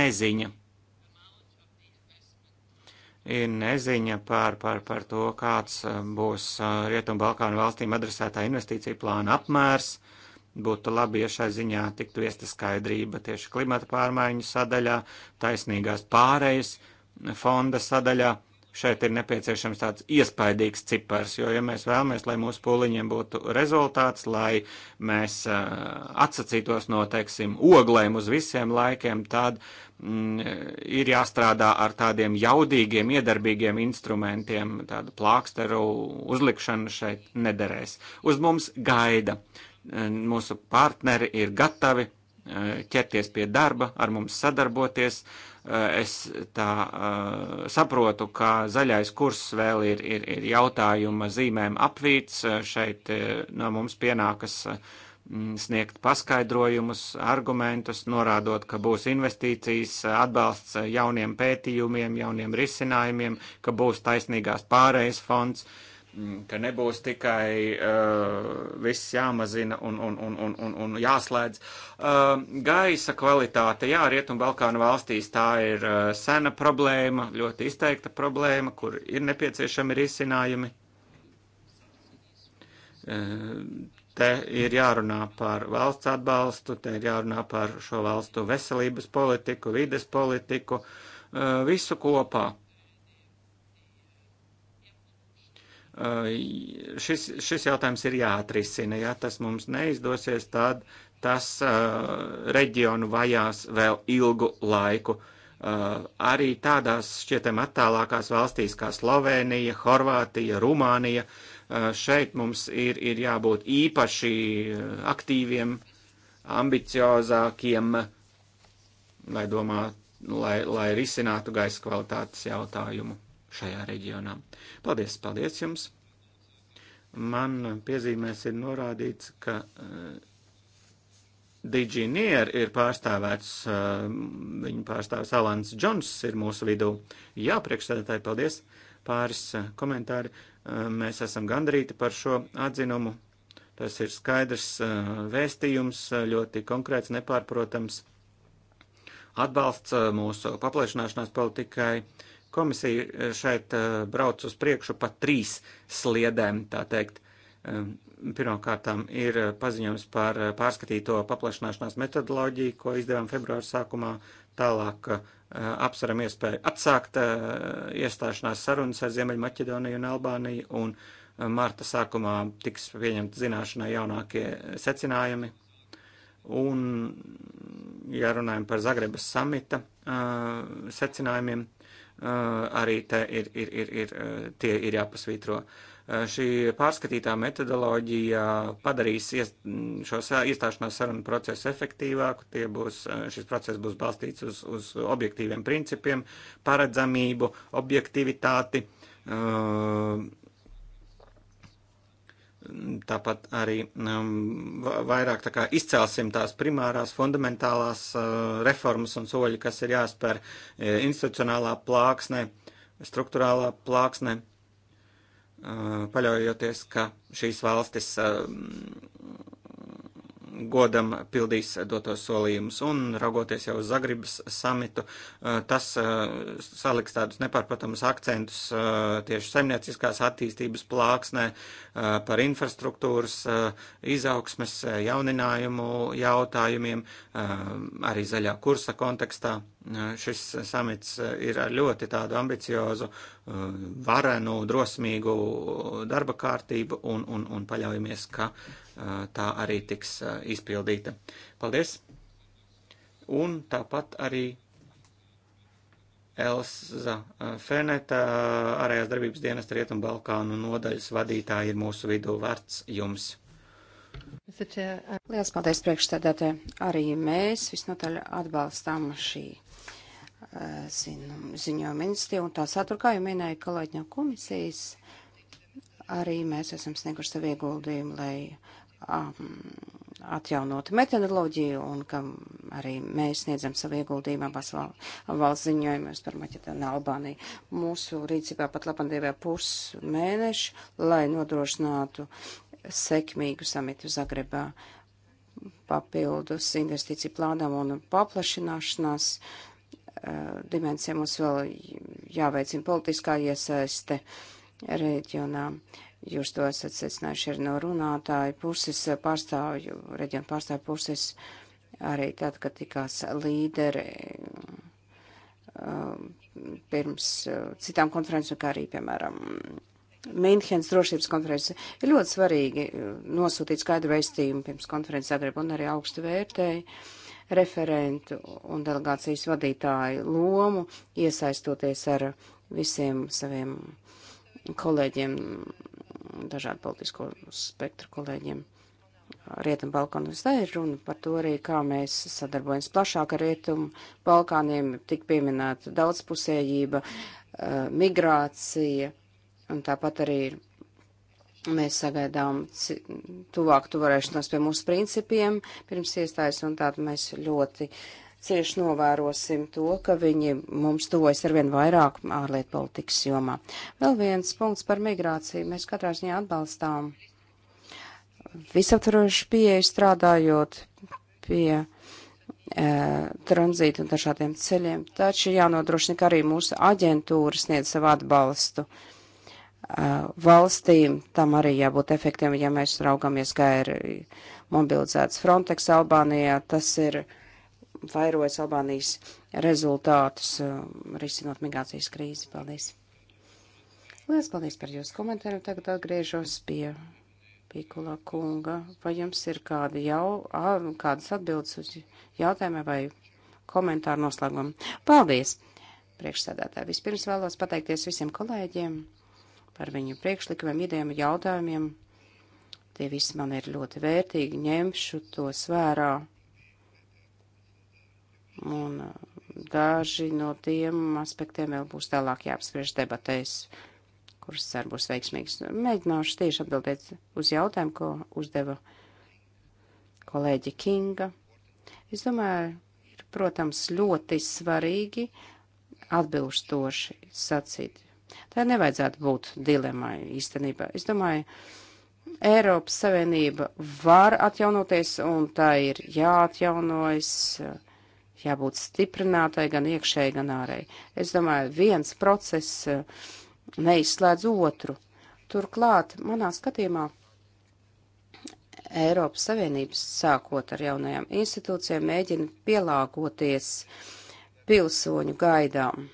neziņa ir neziņa par, par, par to, kāds uh, būs uh, Rietumbalkānu valstīm adresētā investīcija plāna apmērs. Būtu labi, ja šai ziņā tiktu iesta skaidrība tieši klimata pārmaiņu sadaļā, taisnīgās pārejas fonda sadaļā. Šeit ir nepieciešams tāds iespaidīgs cipars, jo, ja mēs vēlamies, lai mūsu pūliņiem būtu rezultāts, lai mēs uh, atsacītos no, teiksim, oglēm uz visiem laikiem, tad uh, Mm, ir jāstrādā ar tādiem jaudīgiem, iedarbīgiem instrumentiem, tādu plāksteru uzlikšanu šeit nederēs. Uz mums gaida. Mm, mūsu partneri ir gatavi mm, ķerties pie darba, ar mums sadarboties. Es tā saprotu, ka zaļais kurs vēl ir, ir, ir jautājuma zīmēm apvīts. Šeit no mums pienākas. Uh, Mm, sniegt paskaidrojumus, argumentus, norādot, ka būs investīcijas, atbalsts jauniem pētījumiem, jauniem risinājumiem, ka būs taisnīgās pārējas fonds, mm, ka nebūs tikai uh, viss jāmazina un, un, un, un, un, un jāslēdz. Uh, gaisa kvalitāte, jā, Rietumbalkānu valstīs tā ir uh, sena problēma, ļoti izteikta problēma, kur ir nepieciešami risinājumi. Uh, Te ir jārunā par valsts atbalstu, te ir jārunā par šo valstu veselības politiku, vides politiku, e, visu kopā. E, šis, šis jautājums ir jāatrisina. Ja tas mums neizdosies, tad tas e, reģionu vajās vēl ilgu laiku. Uh, arī tādās šķietam attālākās valstīs kā Slovenija, Horvātija, Rumānija, Eh, šeit mums ir, ir jābūt īpaši eh, aktīviem, ambiciozākiem, lai domātu, lai, lai risinātu gaisa kvalitātes jautājumu šajā reģionā. Paldies, paldies jums! Man piezīmēs ir norādīts, ka eh, Diginier ir pārstāvēts, viņa pārstāvis Alans Džons ir mūsu vidū. Jā, priekšsēdētāji, paldies! Pāris komentāri. Mēs esam gandrīti par šo atzinumu. Tas ir skaidrs vēstījums, ļoti konkrēts, nepārprotams atbalsts mūsu paplašināšanās politikai. Komisija šeit brauc uz priekšu pa trīs sliedēm, tā teikt. Pirmkārtām ir paziņojums par pārskatīto paplašināšanās metodoloģiju, ko izdevām februāra sākumā. Tālāk Eh, apsveram iespēju atsākt eh, iestāšanās sarunas ar Ziemeļmaķedoniju un Albāniju, un eh, marta sākumā tiks pieņemt zināšanai jaunākie secinājumi. Un, ja runājam par Zagrebas samita secinājumiem, arī te ir, ir, ir, ir, tie ir jāpasvītro. Eh, šī pārskatītā metodoloģija padarīs šo iestāšanās sarunu procesu efektīvāku. Būs, eh, šis process būs balstīts uz, uz objektīviem principiem, paredzamību, objektivitāti. Eh, tāpat arī um, vairāk tā kā izcelsim tās primārās, fundamentālās uh, reformas un soļi, kas ir jāspēr institucionālā plāksnē, struktūrālā plāksnē. Uh, Uh, paļaujoties, ka šīs valstis um, godam pildīs dotos solījumus un raugoties jau uz Zagribas samitu, uh, tas uh, saliks tādus nepārprotamus akcentus tieši saimnieciskās attīstības plāksnē par infrastruktūras izaugsmes jauninājumu jautājumiem, arī zaļā kursa kontekstā šis samits ir ar ļoti tādu ambiciozu, varenu, drosmīgu darba kārtību un, un, un paļaujamies, ka tā arī tiks izpildīta. Paldies! Un tāpat arī Elza Feneta, ārējās darbības dienas Rietumu Balkānu nodaļas vadītāja ir mūsu vidū vērts jums. Liels paldies priekšstādātē. Arī mēs visnotaļ atbalstām šī zinu, ziņojuma institīvu, un tā satura, kā jau minēja kolēģi no komisijas, arī mēs esam snieguši savu ieguldījumu, lai um, atjaunotu metodoloģiju, un kam arī mēs sniedzam savu ieguldījumu abās val, valsts ziņojumos par Maķetēnu Albāniju. Mūsu rīcībā pat labandīvē pusmēneši, lai nodrošinātu sekmīgu samitu Zagrebā papildus investīciju plānam un paplašināšanās. Uh, Uh, dimensija mums vēl jāveicina politiskā iesaiste reģionā. Jūs to esat secinājuši arī no runātāju puses, pārstāvju, reģionu pārstāvju puses, arī tad, kad tikās līderi um, pirms uh, citām konferencēm, kā arī, piemēram, Mīnhenes drošības konference. Ir ļoti svarīgi uh, nosūtīt skaidru vēstījumu pirms konferences Zagreba un arī augstu vērtēju referentu un delegācijas vadītāju lomu, iesaistoties ar visiem saviem kolēģiem, dažādu politisko spektru kolēģiem. Rietumu Balkānos. Tā ir runa par to arī, kā mēs sadarbojamies plašāk ar Rietumu Balkāniem, tik pieminēta daudzpusējība, eh, migrācija, un tāpat arī ir Mēs sagaidām tuvāk tuvarēšanos pie mūsu principiem pirms iestājas, un tātad mēs ļoti cieši novērosim to, ka viņi mums tuvojas arvien vairāk ārlietu politikas jomā. Vēl viens punkts par migrāciju. Mēs katrā ziņā atbalstām visaptvarošu pieeju strādājot pie e, tranzītu un dažādiem ceļiem. Taču jānodrošina, ka arī mūsu aģentūra sniedz savu atbalstu valstīm. Tam arī jābūt efektiem, ja mēs raugamies, kā ir mobilizēts Frontex Albānijā. Tas ir vairojas Albānijas rezultātus, risinot migrācijas krīzi. Paldies! Lielas paldies par jūsu komentāru. Tagad atgriežos pie Pikula kunga. Vai jums ir kādi jau, kādas atbildes uz jautājumiem vai komentāru noslēgumu? Paldies! Priekšsēdētāji, vispirms vēlos pateikties visiem kolēģiem par viņu priekšlikumiem, idejām, jautājumiem. Tie visi man ir ļoti vērtīgi, ņemšu tos vērā. Un uh, daži no tiem aspektiem vēl būs tālāk jāapspriež debatēs, kuras ceru būs veiksmīgas. Mēģināšu tieši atbildēt uz jautājumu, ko uzdeva kolēģi Kinga. Es domāju, ir, protams, ļoti svarīgi atbilstoši sacīt Tā nevajadzētu būt dilemai īstenībā. Es domāju, Eiropas Savienotība var atjaunoties un tā ir jāatjaunojas, jābūt stiprinātai gan iekšēji, gan ārēji. Es domāju, viens process eh, neizslēdz otru. Turklāt, manā skatījumā, Eiropas Savienības, sākot ar jaunajām institūcijām, mēģina pielāgoties pilsoņu gaidām.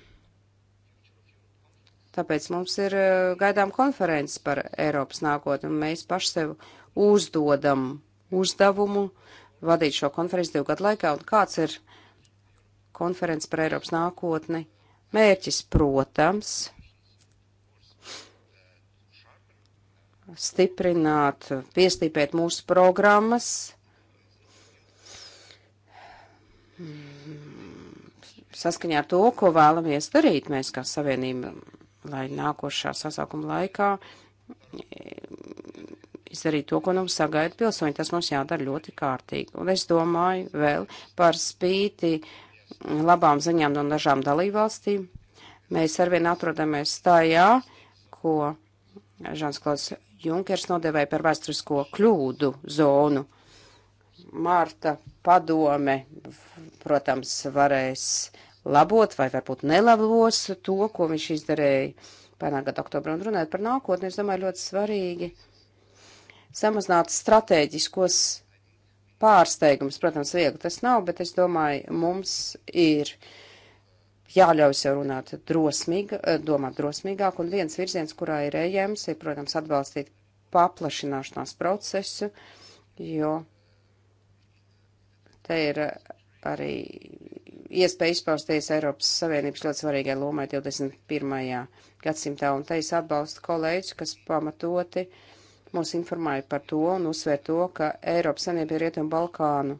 Tāpēc mums ir eh, gaidām konferences par Eiropas nākotni, un mēs paši sev uzdodam uzdevumu vadīt šo konferenci divu gadu laikā, un kāds ir konferences par Eiropas nākotni. Mērķis, protams, stiprināt, piestīpēt mūsu programmas, mm, saskaņā ar to, ko vēlamies darīt mēs kā savienība lai nākošā sasaukuma laikā eh, izdarītu to, ko mums sagaida pilsoņi. Tas mums jādara ļoti kārtīgi. Un es domāju vēl par spīti labām ziņām no dažām dalībvalstīm. Mēs arvien atrodamies tajā, ko Žansklods Junkers nodevēja par vēsturisko kļūdu zonu. Marta padome, protams, varēs uh, labot vai varbūt nelabos to, ko viņš izdarīja pērnā gada oktobrā. Un runājot par nākotni, es domāju, ļoti svarīgi samazināt strateģiskos pārsteigums, protams, viegli tas nav, bet es domāju, mums ir jāļauj sev runāt drosmīgi, domāt drosmīgāk, un viens virziens, kurā ir ejams, ir, protams, atbalstīt paplašināšanās procesu, jo te ir arī iespēja izpausties Eiropas Savienības ļoti svarīgai lomai 21. gadsimtā, un te es atbalstu kolēģus, kas pamatoti mūs informēja par to un uzsver to, ka Eiropas Savienība Rietumu Balkānu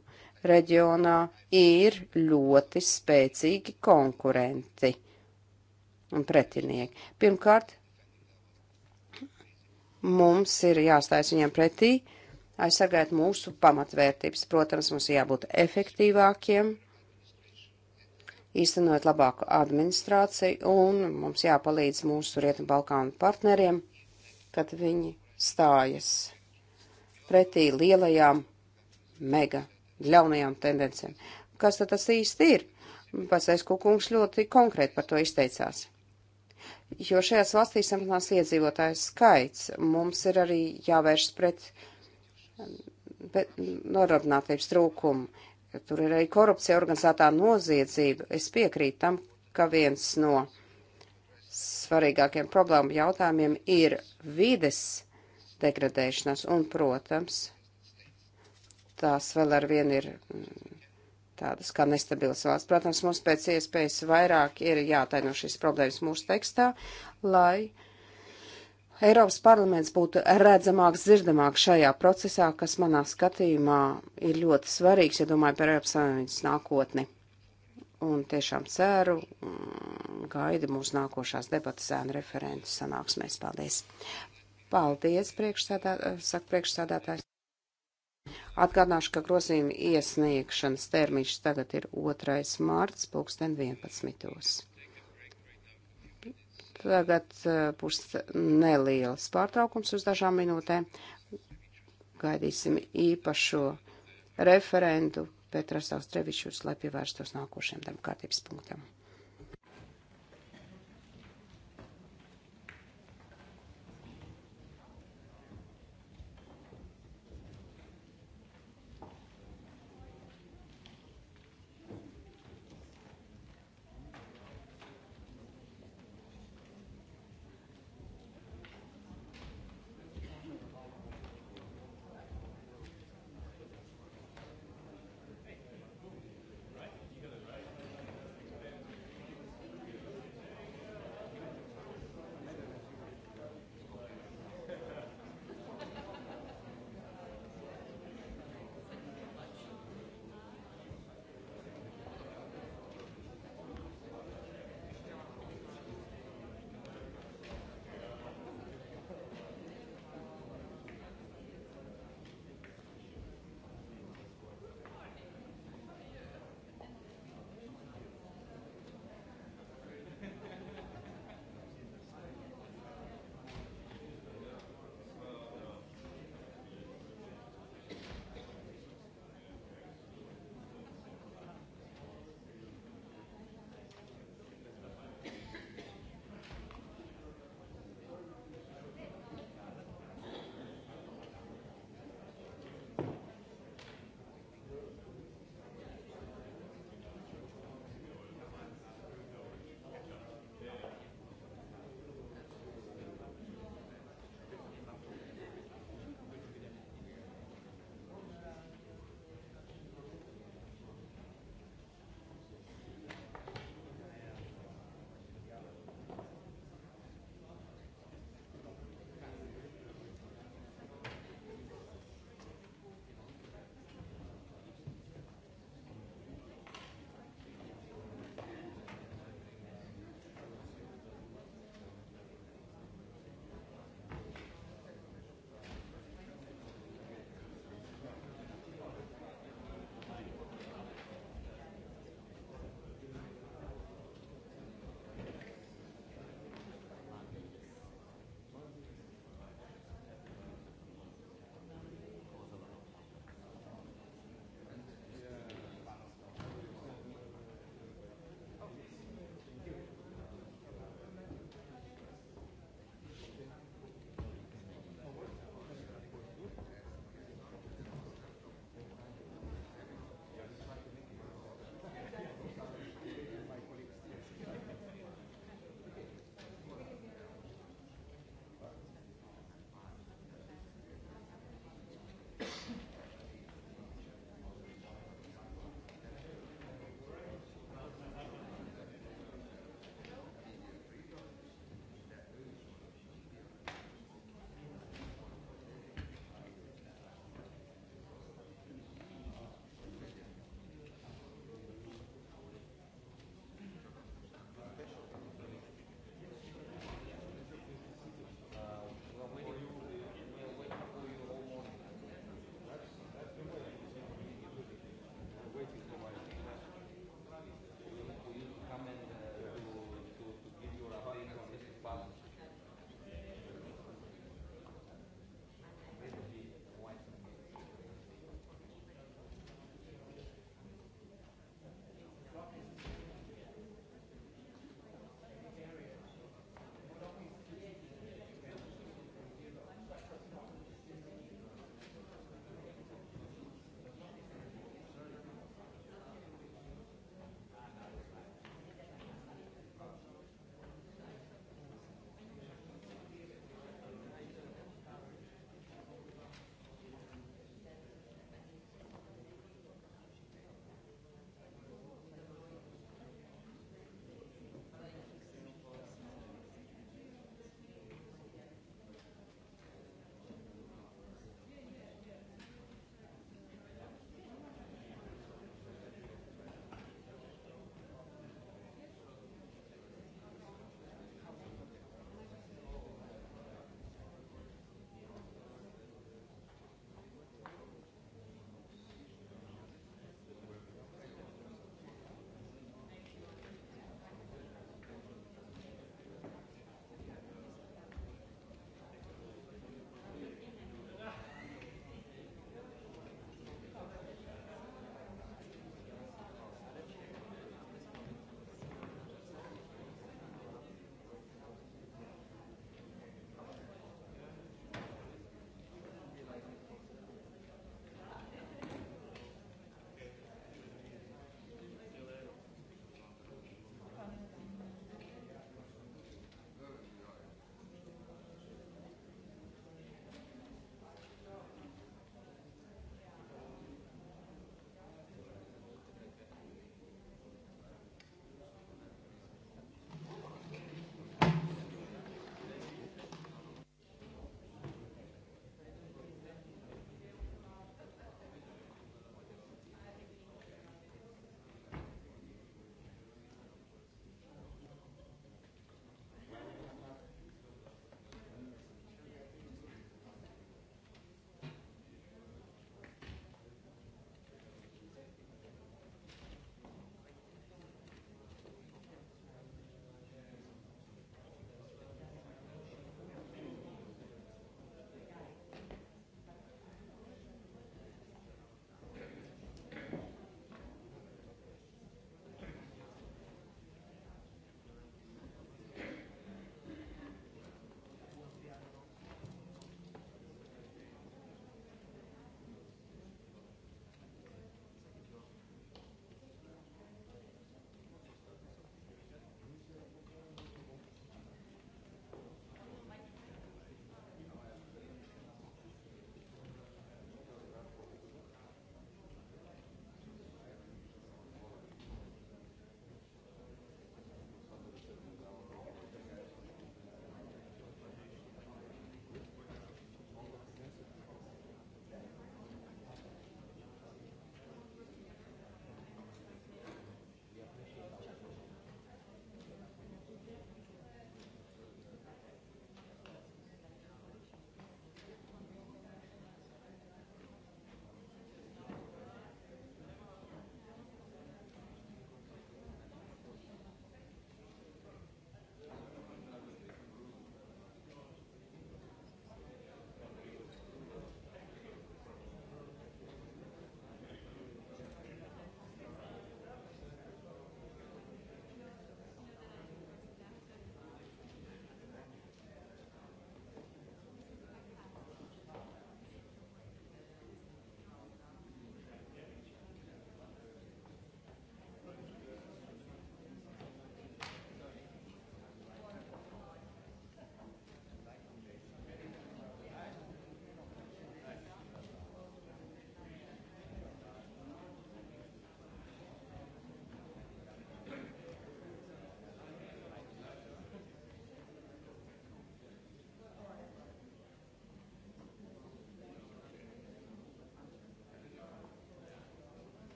reģionā ir ļoti spēcīgi konkurenti un pretinieki. Pirmkārt, mums ir jāstājas viņiem pretī, aizsargāt mūsu pamatvērtības. Protams, mums jābūt efektīvākiem īstenot labāku administrāciju, un mums jāpalīdz mūsu Rietu Balkānu partneriem, kad viņi stājas pretī lielajām mega ļaunajām tendencēm. Kas tad tas īsti ir? Pacais Kukungs ļoti konkrēti par to izteicās. Jo šajās valstīs samazinās iedzīvotājs skaits, mums ir arī jāvērst pret norādinātības trūkumu ka tur ir arī korupcija, organizētā noziedzība. Es piekrītu tam, ka viens no svarīgākiem problēmu jautājumiem ir vides degradēšanās un, protams, tās vēl ar vienu ir mm, tādas kā nestabilas valsts. Protams, mums pēc iespējas vairāk ir jātaino šīs problēmas mūsu tekstā, lai Eiropas parlaments būtu redzamāks, dzirdamāks šajā procesā, kas manā skatījumā ir ļoti svarīgs, ja domāju par Eiropas Savienības nākotni. Un tiešām ceru, mm, gaida mūsu nākošās debatas ēnu referentu sanāksmēs. Paldies! Paldies, priekšsādā, saka priekšsādātājs. Atgādināšu, ka grozījuma iesniegšanas termiņš tagad ir 2. mārts, pulksten 11. Tagad eh, būs neliels pārtraukums uz dažām minūtēm. Gaidīsim īpašo referentu Petras Austrevičus, lai pievērstos nākošiem darbkārtības punktiem.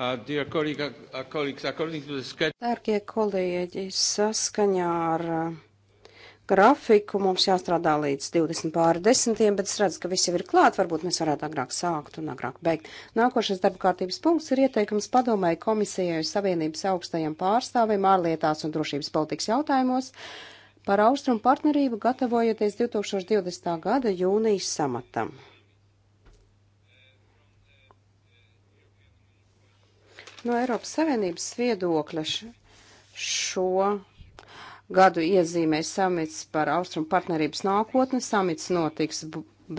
Uh, colleague, uh, colleagues, schedule... Dārgie kolēģi, saskaņā ar uh, grafiku mums jāstrādā līdz 20 pāri desmitiem, bet es redzu, ka visi jau ir klāt, varbūt mēs varētu agrāk sākt un agrāk beigt. Nākošais darba kārtības punkts ir ieteikums padomai komisijai Savienības augstajiem pārstāvim ārlietās un drošības politikas jautājumos par austrumu partnerību gatavojoties 2020. gada jūnijas samatam. No Eiropas Savienības viedokļa šo gadu iezīmē samits par austrumu partnerības nākotni. Samits notiks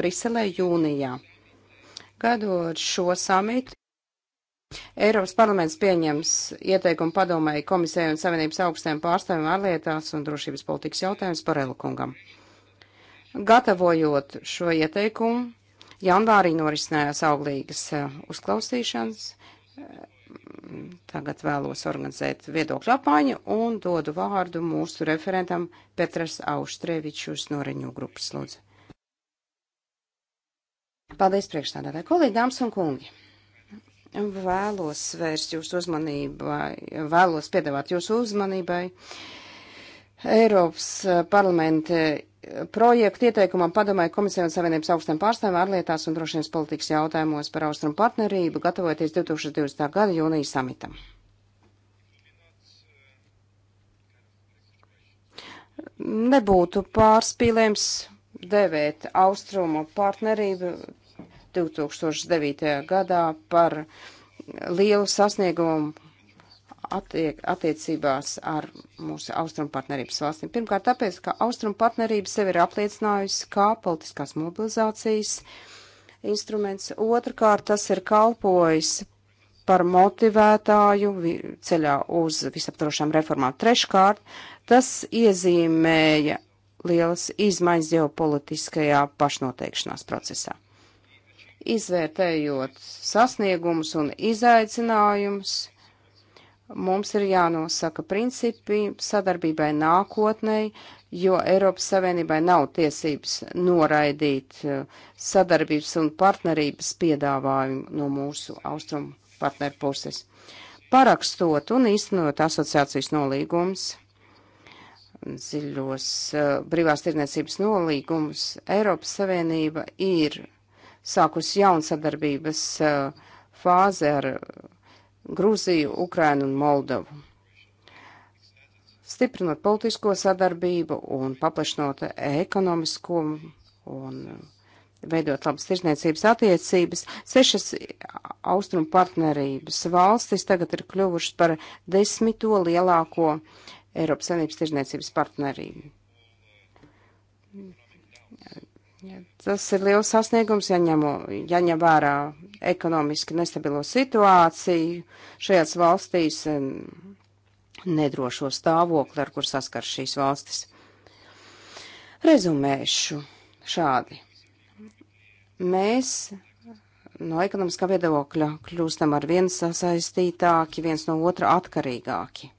Briselē jūnijā. Gadot šo samitu, Eiropas parlaments pieņems ieteikumu padomēji komisijai un Savienības augstiem pārstāvjiem ārlietās un drošības politikas jautājums par Elkungam. Gatavojot šo ieteikumu, janvārī norisinājās auglīgas eh, uzklausīšanas tagad vēlos organizēt viedokļu apmaiņu un dodu vārdu mūsu referentam Petras Auštrevičus no Reņu grupas lūdzu. Paldies priekšstādātāji, kolēģi, dāmas un kungi! Vēlos vērst jūsu uzmanībai, vēlos piedāvāt jūsu uzmanībai Eiropas eh, parlamenta projektu ieteikumam padomē Komisija un Savienības augstiem pārstāvjiem ārlietās un drošības politikas jautājumos par austrumu partnerību, gatavoties 2020. gada jūnija samitam. Nebūtu pārspīlējums devēt austrumu partnerību 2009. gadā par lielu sasniegumu attiek, attiecībās ar mūsu austrumu partnerības valstīm. Pirmkārt, tāpēc, ka austrumu partnerība sevi ir apliecinājusi kā politiskās mobilizācijas instruments. Otrakārt, tas ir kalpojis par motivētāju ceļā uz visaptrošām reformām. Treškārt, tas iezīmēja lielas izmaiņas ģeopolitiskajā pašnoteikšanās procesā. Izvērtējot sasniegumus un izaicinājumus, Mums ir jānosaka principi sadarbībai nākotnēji, jo Eiropas Savienībai nav tiesības noraidīt uh, sadarbības un partnerības piedāvājumu no mūsu austrumu partneru puses. Parakstot un īstenot asociācijas nolīgums, dziļos uh, brīvās tirniecības nolīgums, Eiropas Savienība ir sākus jaunsadarbības uh, fāzi ar Grūziju, Ukrainu un Moldovu. Stiprinot politisko sadarbību un paplašinot ekonomisko un veidot labas tirzniecības attiecības, sešas austrumu partnerības valstis tagad ir kļuvušas par desmito lielāko Eiropas Savienības tirzniecības partnerību Ja tas ir liels sasniegums, ja ņem, ja ņem vērā ekonomiski nestabilo situāciju šajās valstīs, nedrošo stāvokli, ar kur saskar šīs valstis. Rezumēšu šādi. Mēs no ekonomiskā viedokļa kļūstam ar viens sasaistītāki, viens no otra atkarīgāki.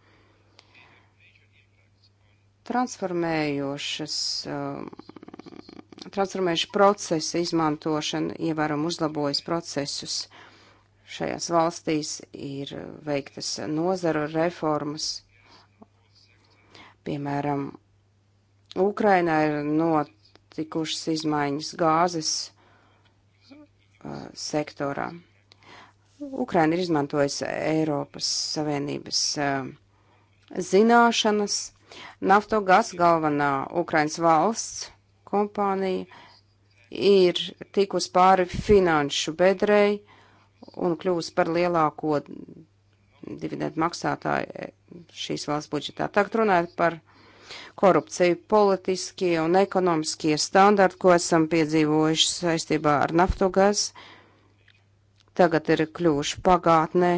Transformējošas. Um, transformējuši procesu izmantošanu, ievēram uzlabojas procesus. Šajās valstīs ir veiktas nozaru reformas. Piemēram, Ukrainā ir notikušas izmaiņas gāzes uh, sektorā. Ukraina ir izmantojusi Eiropas Savienības uh, zināšanas. Naftogaz galvenā Ukrainas valsts kompānija ir tikus pāri finanšu bedrei un kļūst par lielāko dividendu maksātāju šīs valsts budžetā. Tagad runājot par korupciju, politiskie un ekonomiskie standarti, ko esam piedzīvojuši saistībā ar naftogaz, tagad ir kļuvuši pagātnē,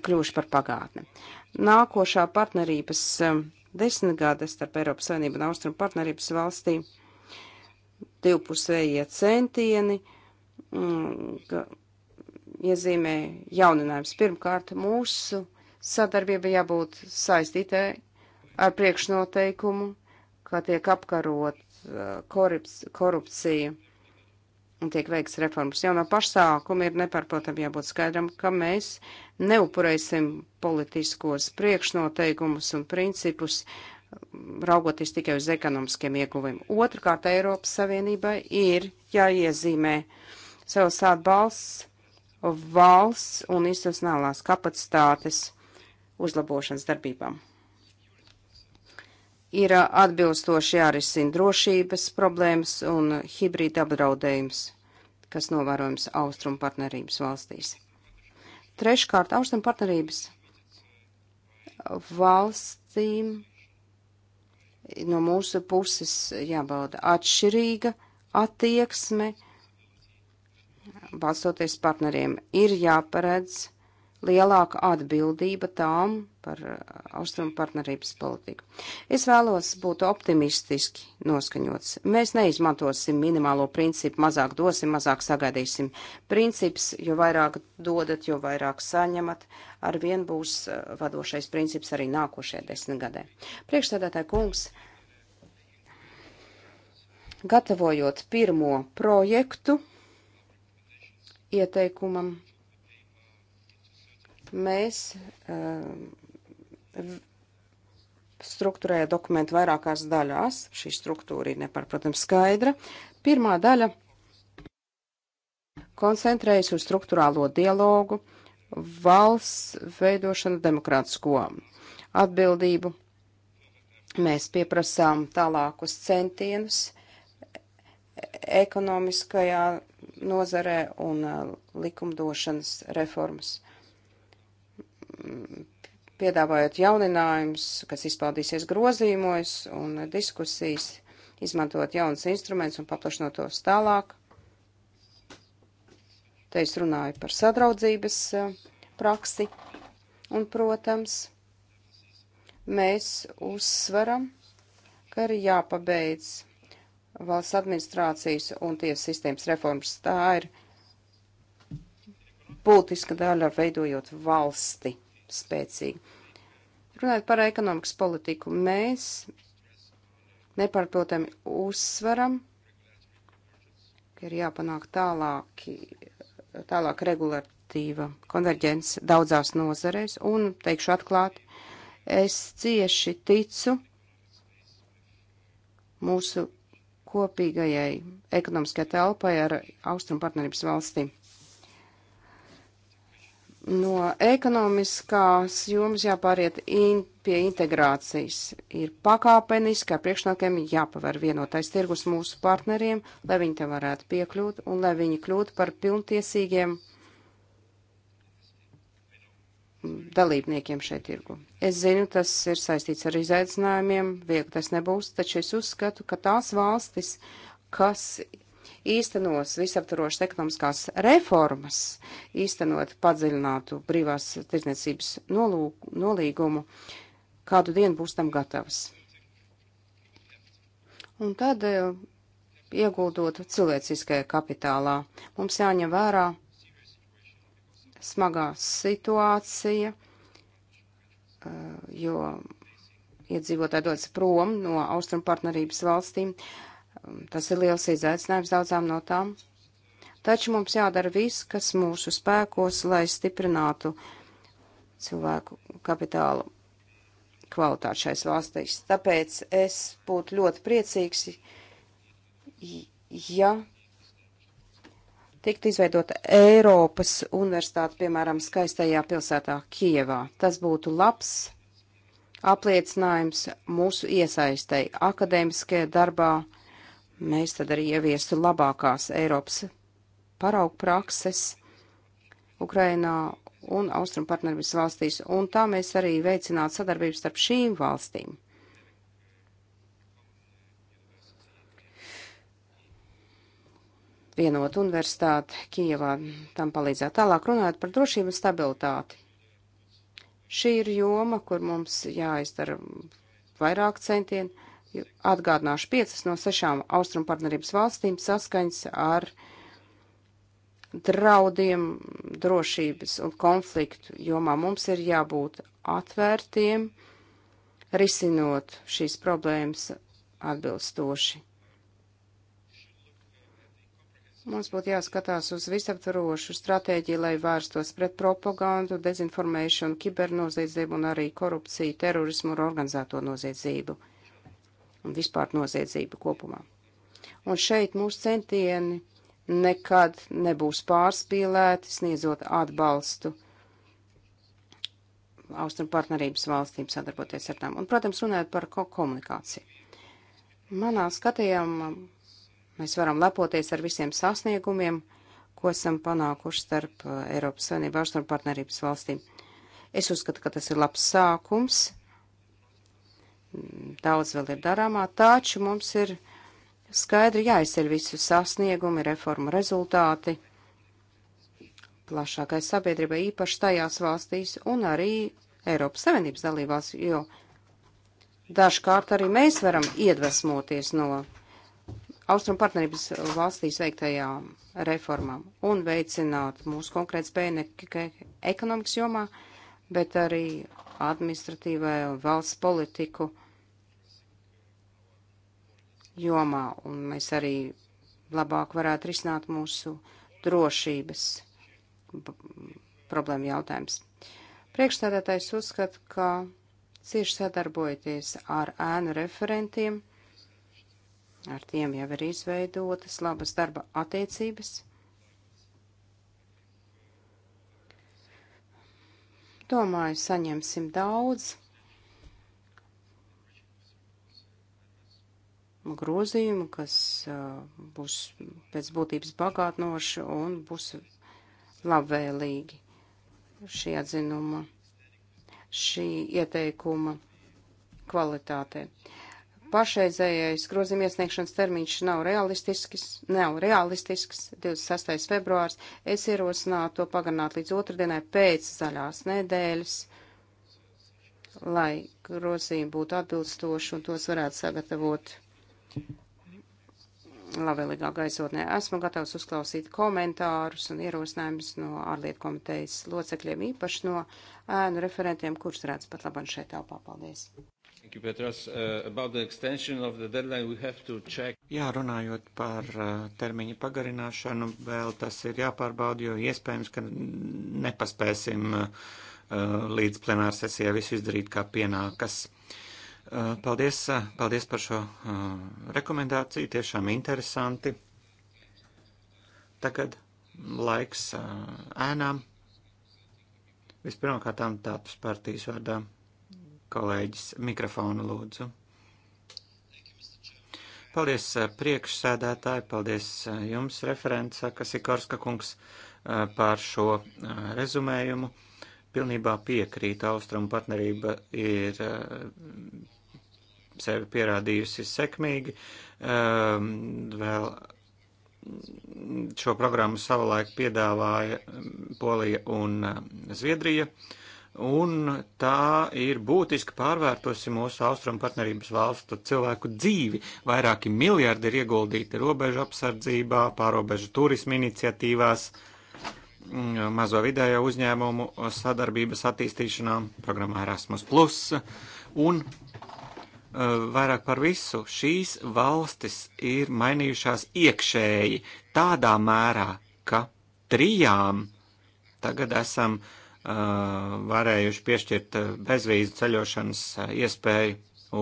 kļuvuši par pagātni. Nākošā partnerības um, desmitgades starp Eiropas Savienību un Austrum partnerības valstīm divpusējie centieni mm, iezīmē jauninājums. Pirmkārt, mūsu sadarbība jābūt saistītē ar priekšnoteikumu, ka tiek apkarot eh, korupcija un tiek veikts reformas. Jau no pašsākuma ir nepārprotam jābūt skaidram, ka mēs neupurēsim politiskos priekšnoteikumus un principus raugoties tikai uz ekonomiskiem ieguvumiem. Otrkārt, Eiropas Savienībai ir jāiezīmē savs atbalsts valsts un institucionālās kapacitātes uzlabošanas darbībām. Ir atbilstoši jārisina drošības problēmas un hibrīda apdraudējums, kas novērojams austrumu partnerības valstīs. Treškārt, austrumu partnerības valstīm no mūsu puses jābauda atšķirīga attieksme, balstoties partneriem, ir jāparedz lielāka atbildība tām par uh, austrumu partnerības politiku. Es vēlos būt optimistiski noskaņots. Mēs neizmantosim minimālo principu mazāk dosim, mazāk sagaidīsim. Princips, jo vairāk dodat, jo vairāk saņemat, ar vien būs uh, vadošais princips arī nākošajā desmitgadē. Priekšstādātāja kungs, gatavojot pirmo projektu ieteikumam, Mēs uh, ehm, struktūrēja dokumentu vairākās daļās. Šī struktūra ir nepārprotams skaidra. Pirmā daļa koncentrējas uz struktūrālo dialogu, valsts veidošanu, demokrātisko atbildību. Mēs pieprasām tālākus centienus ekonomiskajā nozarē un eh, likumdošanas reformas piedāvājot jauninājumus, kas izpaudīsies grozījumos un diskusijas, izmantot jaunas instrumentus un paplašinot tos tālāk. Te es runāju par sadraudzības eh, praksi. Un, protams, mēs uzsveram, ka ir jāpabeidz valsts administrācijas un tiesu sistēmas reformas. Tā ir būtiska daļa veidojot valsti spēcīgi. Runājot par ekonomikas politiku, mēs nepārprotami uzsveram, ka ir jāpanāk tālāki, tālāk regulatīva konverģence daudzās nozareis, un, teikšu atklāti, es cieši ticu mūsu kopīgajai ekonomiskajai telpai ar austrumu partnerības valstīm no ekonomiskās jomas jāpāriet in, pie integrācijas. Ir pakāpeniski ar priekšnokiem jāpaver vienotais tirgus mūsu partneriem, lai viņi te varētu piekļūt un lai viņi kļūtu par pilntiesīgiem dalībniekiem šeit tirgu. Es zinu, tas ir saistīts ar izaicinājumiem, viegli tas nebūs, taču es uzskatu, ka tās valstis, kas īstenos visaptarošas ekonomiskās reformas, īstenot padziļinātu brīvās tirdzniecības nolīgumu, kādu dienu būs tam gatavs. Un tad, eh, ieguldot cilvēciskajā kapitālā, mums jāņem vērā smagā situācija, eh, jo iedzīvotāji dodas prom no austrumu partnerības valstīm. Uh, Tas ir liels izaicinājums daudzām no tām. Taču mums jādara viss, kas mūsu spēkos, lai stiprinātu cilvēku kapitālu kvalitāti šais valstīs. Tāpēc es būtu ļoti priecīgs, ja tiktu izveidota Eiropas universitāte, piemēram, skaistajā pilsētā Kievā. Tas būtu labs apliecinājums mūsu iesaistei akadēmiskajā darbā mēs tad arī ieviestu labākās Eiropas paraugu prakses Ukrainā un Austrum partnerības valstīs, un tā mēs arī veicinātu sadarbību starp šīm valstīm. Vienot universitāti Kijevā tam palīdzētu tālāk runāt par drošību un stabilitāti. Šī ir joma, kur mums jāizdara vairāk centienu Atgādināšu piecas no sešām austrumu partnerības valstīm saskaņas ar draudiem drošības un konfliktu jomā mums ir jābūt atvērtiem, risinot šīs problēmas atbilstoši. Mums būtu jāskatās uz visaptvarošu stratēģiju, lai vērstos pret propagandu, dezinformēšanu, kibernoziedzību un arī korupciju, terorismu un organizēto noziedzību un vispār noziedzība kopumā. Un šeit mūsu centieni nekad nebūs pārspīlēti, sniedzot atbalstu austrumu partnerības valstīm sadarboties ar tām. Un, protams, runājot par ko komunikāciju. Manā skatījumā mēs varam lepoties ar visiem sasniegumiem, ko esam panākuši starp eh, Eiropas Savienību austrumu partnerības valstīm. Es uzskatu, ka tas ir labs sākums Daudz vēl ir darāmā, taču mums ir skaidri jāizceļ visu sasniegumi, reformu rezultāti plašākai sabiedrībai, īpaši tajās valstīs un arī Eiropas Savienības dalībās, jo dažkārt arī mēs varam iedvesmoties no Austrum partnerības valstīs veiktajām reformām un veicināt mūsu konkrēt spēju ne tikai ekonomikas jomā, bet arī administratīvajā valsts politiku jomā, un mēs arī labāk varētu risināt mūsu drošības problēmu jautājums. Priekšstādātais uzskata, ka cieši sadarbojoties ar ēnu referentiem, ar tiem jau ir izveidotas labas darba attiecības. Domāju, saņemsim daudz grozījumu, kas uh, būs pēc būtības bagātnoši un būs labvēlīgi šī atzinuma, šī ieteikuma kvalitātei pašreizējais grozījuma iesniegšanas termiņš nav realistisks, nav realistisks, 26. februārs. Es ierosinātu to pagarināt līdz otrdienai pēc zaļās nedēļas, lai grozījumi būtu atbilstoši un tos varētu sagatavot labvēlīgā gaisotnē. Esmu gatavs uzklausīt komentārus un ierosinājumus no ārlietu komitejas locekļiem, īpaši no ēnu referentiem, kurš redz pat labam šeit telpā. Paldies! Thank you, Petras. Uh, about the extension of the deadline, we have to check. Jā, runājot par uh, termiņa pagarināšanu, vēl tas ir jāpārbauda, jo iespējams, ka nepaspēsim uh, uh, līdz plenāra sesijai visu izdarīt, kā pienākas. Uh, paldies, uh, paldies par šo uh, rekomendāciju, tiešām interesanti. Tagad laiks uh, ēnām. Vispirmkārtām tātad partijas vārdā. Kolēģis, mikrofonu lūdzu. Paldies eh, priekšsēdētāji, paldies eh, jums, referents, eh, kas ir Korska kungs, par šo rezumējumu. Pilnībā piekrīt, austrumu partnerība ir sevi pierādījusi sekmīgi. Ehm, vēl šo programmu savulaik piedāvāja Polija un Zviedrija. Uh, un tā ir būtiski pārvērtusi mūsu austrumu partnerības valstu cilvēku dzīvi. Vairāki miljardi ir ieguldīti robežu apsardzībā, pārobežu turismu iniciatīvās, mm, mazo vidējo uzņēmumu sadarbības attīstīšanā, programmā Erasmus, un eh, vairāk par visu šīs valstis ir mainījušās iekšēji tādā mērā, ka trijām tagad esam uh, varējuši piešķirt bezvīzu ceļošanas iespēju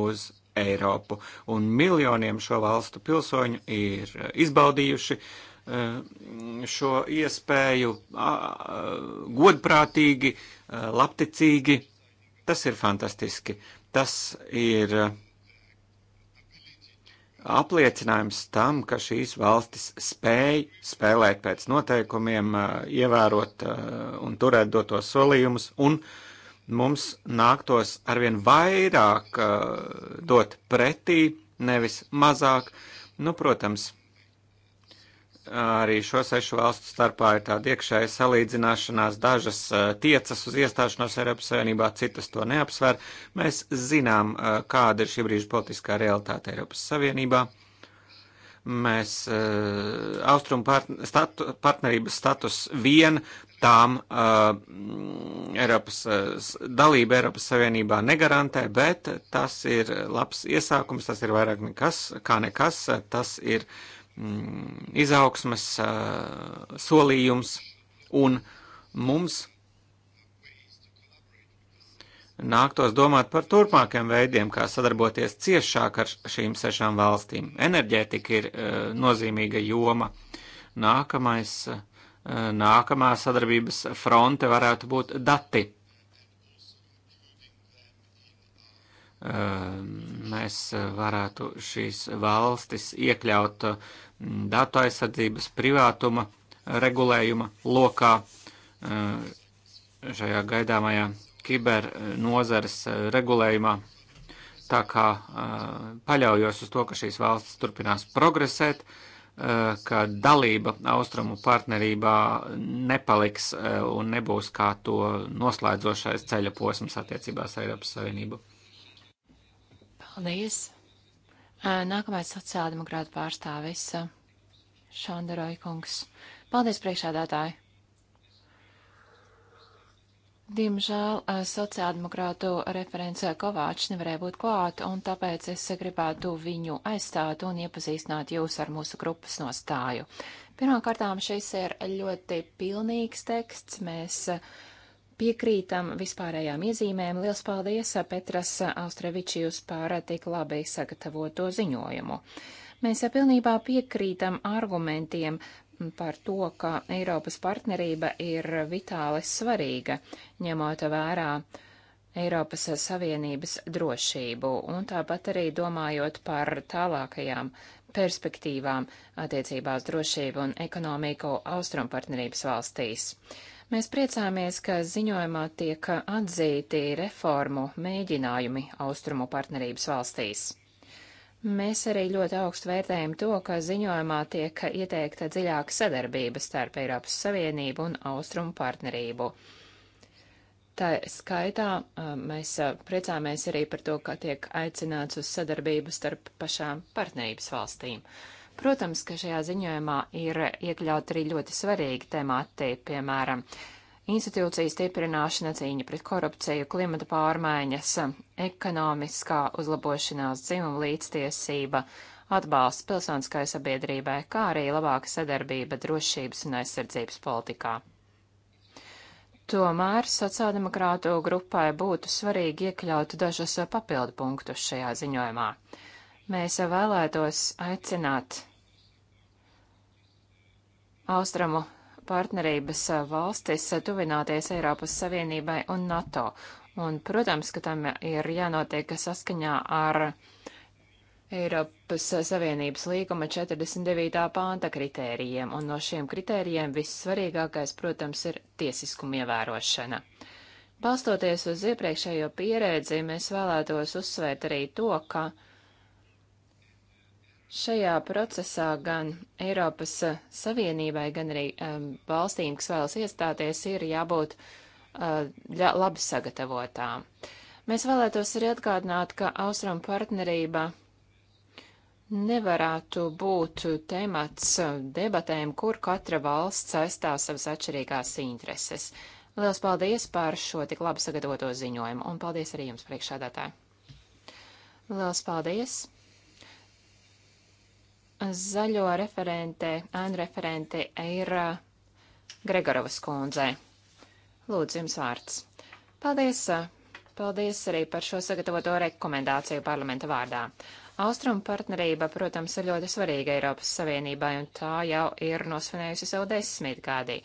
uz Eiropu. Un miljoniem šo valstu pilsoņu ir izbaudījuši šo iespēju godprātīgi, labticīgi. Tas ir fantastiski. Tas ir apliecinājums tam, ka šīs valstis spēj spēlēt pēc noteikumiem, ievērot un turēt dotos solījumus, un mums nāktos arvien vairāk dot pretī, nevis mazāk. Nu, protams, Arī šo sešu valstu starpā ir tāda iekšēja salīdzināšanās. Dažas eh, tiecas uz iestāšanos Eiropas Savienībā, citas to neapsver. Mēs zinām, eh, kāda ir šī brīža politiskā realitāte Eiropas Savienībā mēs uh, austrumu partn statu, partnerības status vien tām uh, Eiropas, uh, dalība Eiropas Savienībā negarantē, bet tas ir labs iesākums, tas ir vairāk nekas, kā nekas, tas ir Mm, izaugsmes eh, solījums, un mums nāktos domāt par turpmākiem veidiem, kā sadarboties ciešāk ar šīm sešām valstīm. Enerģētika ir eh, nozīmīga joma. Nākamais, eh, nākamā sadarbības fronte varētu būt dati. Ehm, mēs varētu šīs valstis iekļaut mm, datu aizsardzības privātuma regulējuma lokā ehm, šajā gaidāmajā kiber nozares regulējumā. Tā kā ehm, paļaujos uz to, ka šīs valstis turpinās progresēt, ka dalība austrumu partnerībā nepaliks un nebūs kā to noslēdzošais ceļa posms attiecībās ar Eiropas Savienību. Paldies! Nākamais sociāldemokrāta pārstāvis Šonda Roikungs. Paldies, priekšādātāji! Diemžēl sociāldemokrātu referents Kovāčs nevarēja būt klāt, un tāpēc es gribētu viņu aizstāt un iepazīstināt jūs ar mūsu grupas nostāju. Pirmkārtām šis ir ļoti pilnīgs teksts. Mēs uh, piekrītam vispārējām iezīmēm. Liels paldies eh, Petras Austrevičijus par tik labi sagatavoto ziņojumu. Mēs eh, pilnībā piekrītam argumentiem par to, ka Eiropas partnerība ir vitāli svarīga, ņemot vērā Eiropas Savienības drošību un tāpat arī domājot par tālākajām perspektīvām attiecībā uz drošību un ekonomiku Austrumpartnerības valstīs. Mēs priecāmies, ka ziņojumā tiek atzīti reformu mēģinājumi austrumu partnerības valstīs. Mēs arī ļoti augstu vērtējam to, ka ziņojumā tiek ieteikta dziļāka sadarbība starp Eiropas Savienību un austrumu partnerību. Tā skaitā mēs priecāmies arī par to, ka tiek aicināts uz sadarbību starp pašām partnerības valstīm. Uh, Protams, ka šajā ziņojumā ir iekļaut arī ļoti svarīgi temati, piemēram, institūcijas stiprināšana, cīņa pret korupciju, klimata pārmaiņas, ekonomiskā uzlabošanās, dzimuma līdztiesība, atbalsts pilsoniskai sabiedrībai, kā arī labāka sadarbība drošības un aizsardzības politikā. Tomēr sociāldemokrātu grupai būtu svarīgi iekļaut dažus papildu punktus šajā ziņojumā. Mēs vēlētos aicināt austrumu partnerības eh, valstis eh, tuvināties Eiropas Savienībai un NATO. Un, protams, ka tam ir jānotiek saskaņā ar Eiropas Savienības līguma 49. pānta kritērijiem, un no šiem kritērijiem vissvarīgākais, protams, ir tiesiskuma ievērošana. Balstoties uz iepriekšējo pieredzi, mēs vēlētos uzsvērt arī to, ka Šajā procesā gan Eiropas Savienībai, gan arī um, valstīm, kas vēlas iestāties, ir jābūt uh, labi sagatavotām. Mēs vēlētos arī atgādināt, ka Austrum partnerība nevarētu būt temats debatēm, kur katra valsts saistā savas atšķirīgās intereses. Liels paldies par šo tik labi sagatavoto ziņojumu, un paldies arī jums priekšādātāji. Liels paldies! zaļo referente, ēnu referente ir Gregorovas kundze. Lūdzu, jums vārds. Paldies! Paldies arī par šo sagatavoto rekomendāciju parlamenta vārdā. Austrumu partnerība, protams, ir ļoti svarīga Eiropas Savienībai, un tā jau ir nosvinējusi savu desmitgādī. gadī.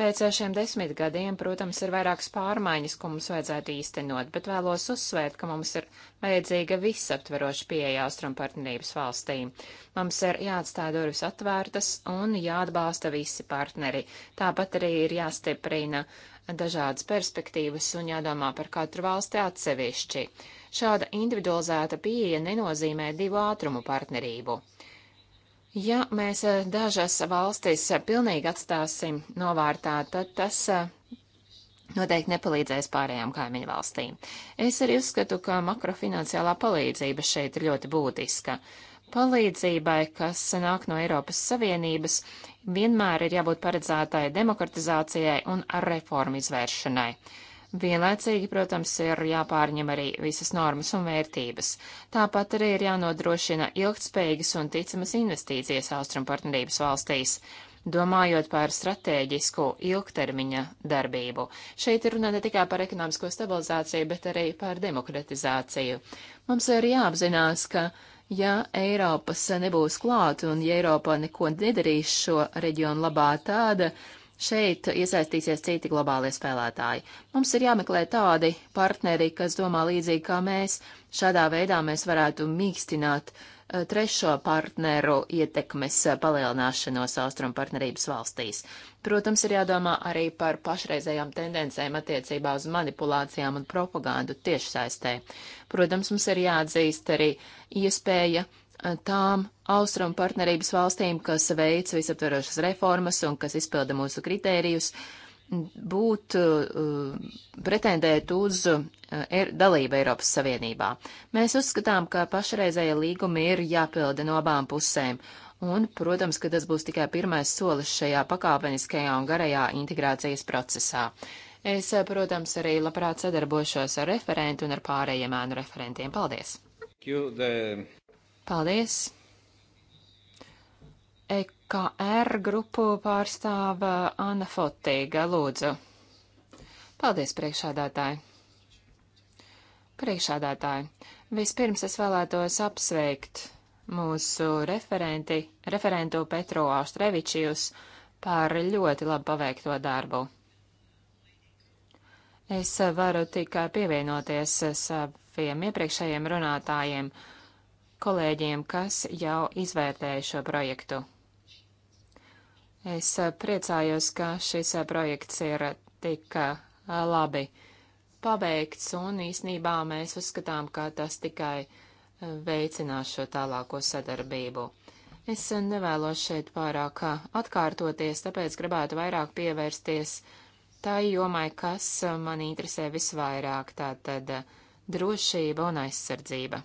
Pēc šiem desmit gadiem, protams, ir vairākas pārmaiņas, ko mums vajadzētu īstenot, bet vēlos uzsvērt, ka mums ir vajadzīga visaptveroša pieeja austrumpartnerības valstīm. Mums ir jāatstāj durvis atvērtas un jāatbalsta visi partneri. Tāpat arī ir jāstiprina dažādas perspektīvas un jādomā par katru valsti atsevišķi. Šāda individualizēta pieeja nenozīmē divu ātrumu partnerību. Ja mēs eh, dažas valstis eh, pilnīgi atstāsim novārtā, tad tas eh, noteikti nepalīdzēs pārējām kaimiņu valstīm. Es arī uzskatu, ka makrofinanciālā palīdzība šeit ir ļoti būtiska. Palīdzībai, kas nāk no Eiropas Savienības, vienmēr ir jābūt paredzētai demokratizācijai un reformu izvēršanai. Vienlaicīgi, protams, ir jāpārņem arī visas normas un vērtības. Tāpat arī ir jānodrošina ilgtspējīgas un ticamas investīcijas austrumpartnerības valstīs. Domājot par stratēģisku ilgtermiņa darbību, šeit ir runa ne tikai par ekonomisko stabilizāciju, bet arī par demokratizāciju. Mums ir jāapzinās, ka ja Eiropas nebūs klāt un ja Eiropa neko nedarīs šo reģionu labā tāda, uh, Šeit iesaistīsies citi globālie spēlētāji. Mums ir jāmeklē tādi partneri, kas domā līdzīgi kā mēs. Šādā veidā mēs varētu mīkstināt eh, trešo partneru ietekmes eh, palielināšanos austrumu partnerības valstīs. Protams, ir jādomā arī par pašreizējām tendencēm attiecībā uz manipulācijām un propagandu tiešsaistē. Protams, mums ir jāatzīst arī iespēja Eh, tām austrumu partnerības valstīm, kas veic visaptverošas reformas un kas izpilda mūsu kritērijus, būt, eh, pretendēt uz eh, er, dalību Eiropas Savienībā. Mēs uzskatām, ka pašreizēja līguma ir jāpilda no abām pusēm, un, protams, ka tas būs tikai pirmais solis šajā pakāpeniskajā un garajā integrācijas procesā. Es, protams, arī labprāt sadarbošos ar referentu un ar pārējiem ēnu referentiem. Paldies! Paldies! EKR grupu pārstāva uh, Anna Fotīga, lūdzu. Paldies, priekšādātāji! Priekšādātāji, vispirms es vēlētos apsveikt mūsu referenti, referentu Petru Austrevičijus par ļoti labi paveikto darbu. Es varu tikai pievienoties saviem iepriekšējiem runātājiem kolēģiem, kas jau izvērtēja šo projektu. Es eh, priecājos, ka šis eh, projekts ir eh, tik labi pabeigts, un īsnībā mēs uzskatām, ka tas tikai veicinās šo tālāko sadarbību. Es nevēlos šeit pārāk atkārtoties, tāpēc gribētu vairāk pievērsties tai jomai, kas man interesē visvairāk, tātad drošība un aizsardzība.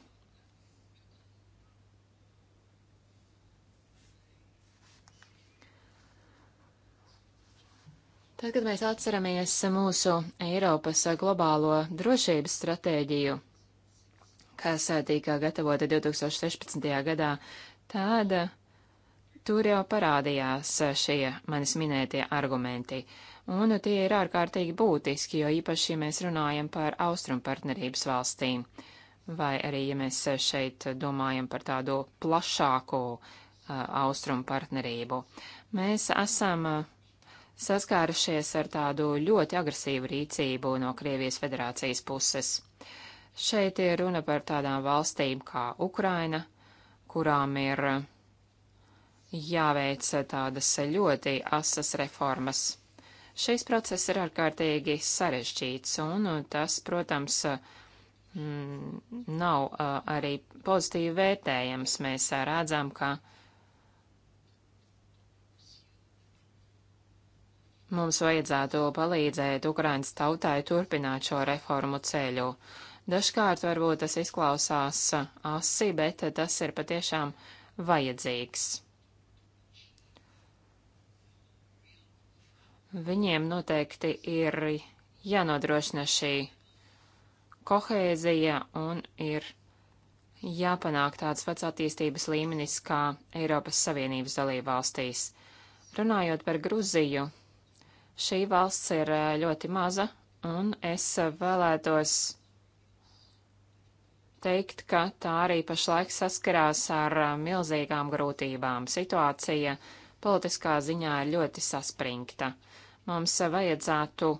Tad, kad mēs atceramies mūsu Eiropas globālo drošības stratēģiju, kas tika gatavota 2016. gadā, tad tur jau parādījās šie manis minētie argumenti. Un tie ir ārkārtīgi būtiski, jo īpaši, ja mēs runājam par austrumu partnerības valstīm, vai arī, ja mēs šeit domājam par tādu plašāku uh, austrumu partnerību. Mēs esam uh, saskārušies ar tādu ļoti agresīvu rīcību no Krievijas federācijas puses. Šeit ir runa par tādām valstīm kā Ukraina, kurām ir jāveic tādas ļoti asas reformas. Šis process ir ārkārtīgi sarežģīts, un tas, protams, mm, nav arī pozitīvi vērtējams. Mēs redzam, ka uh, Mums vajadzētu palīdzēt Ukrainas tautai turpināt šo reformu ceļu. Dažkārt varbūt tas izklausās asi, bet tas ir patiešām vajadzīgs. Viņiem noteikti ir jānodrošina šī kohēzija un ir jāpanāk tāds pats attīstības līmenis kā Eiropas Savienības dalībvalstīs. Runājot par Gruziju, Šī valsts ir eh, ļoti maza, un es eh, vēlētos teikt, ka tā arī pašlaik saskarās ar eh, milzīgām grūtībām. Situācija politiskā ziņā ir ļoti saspringta. Mums vajadzētu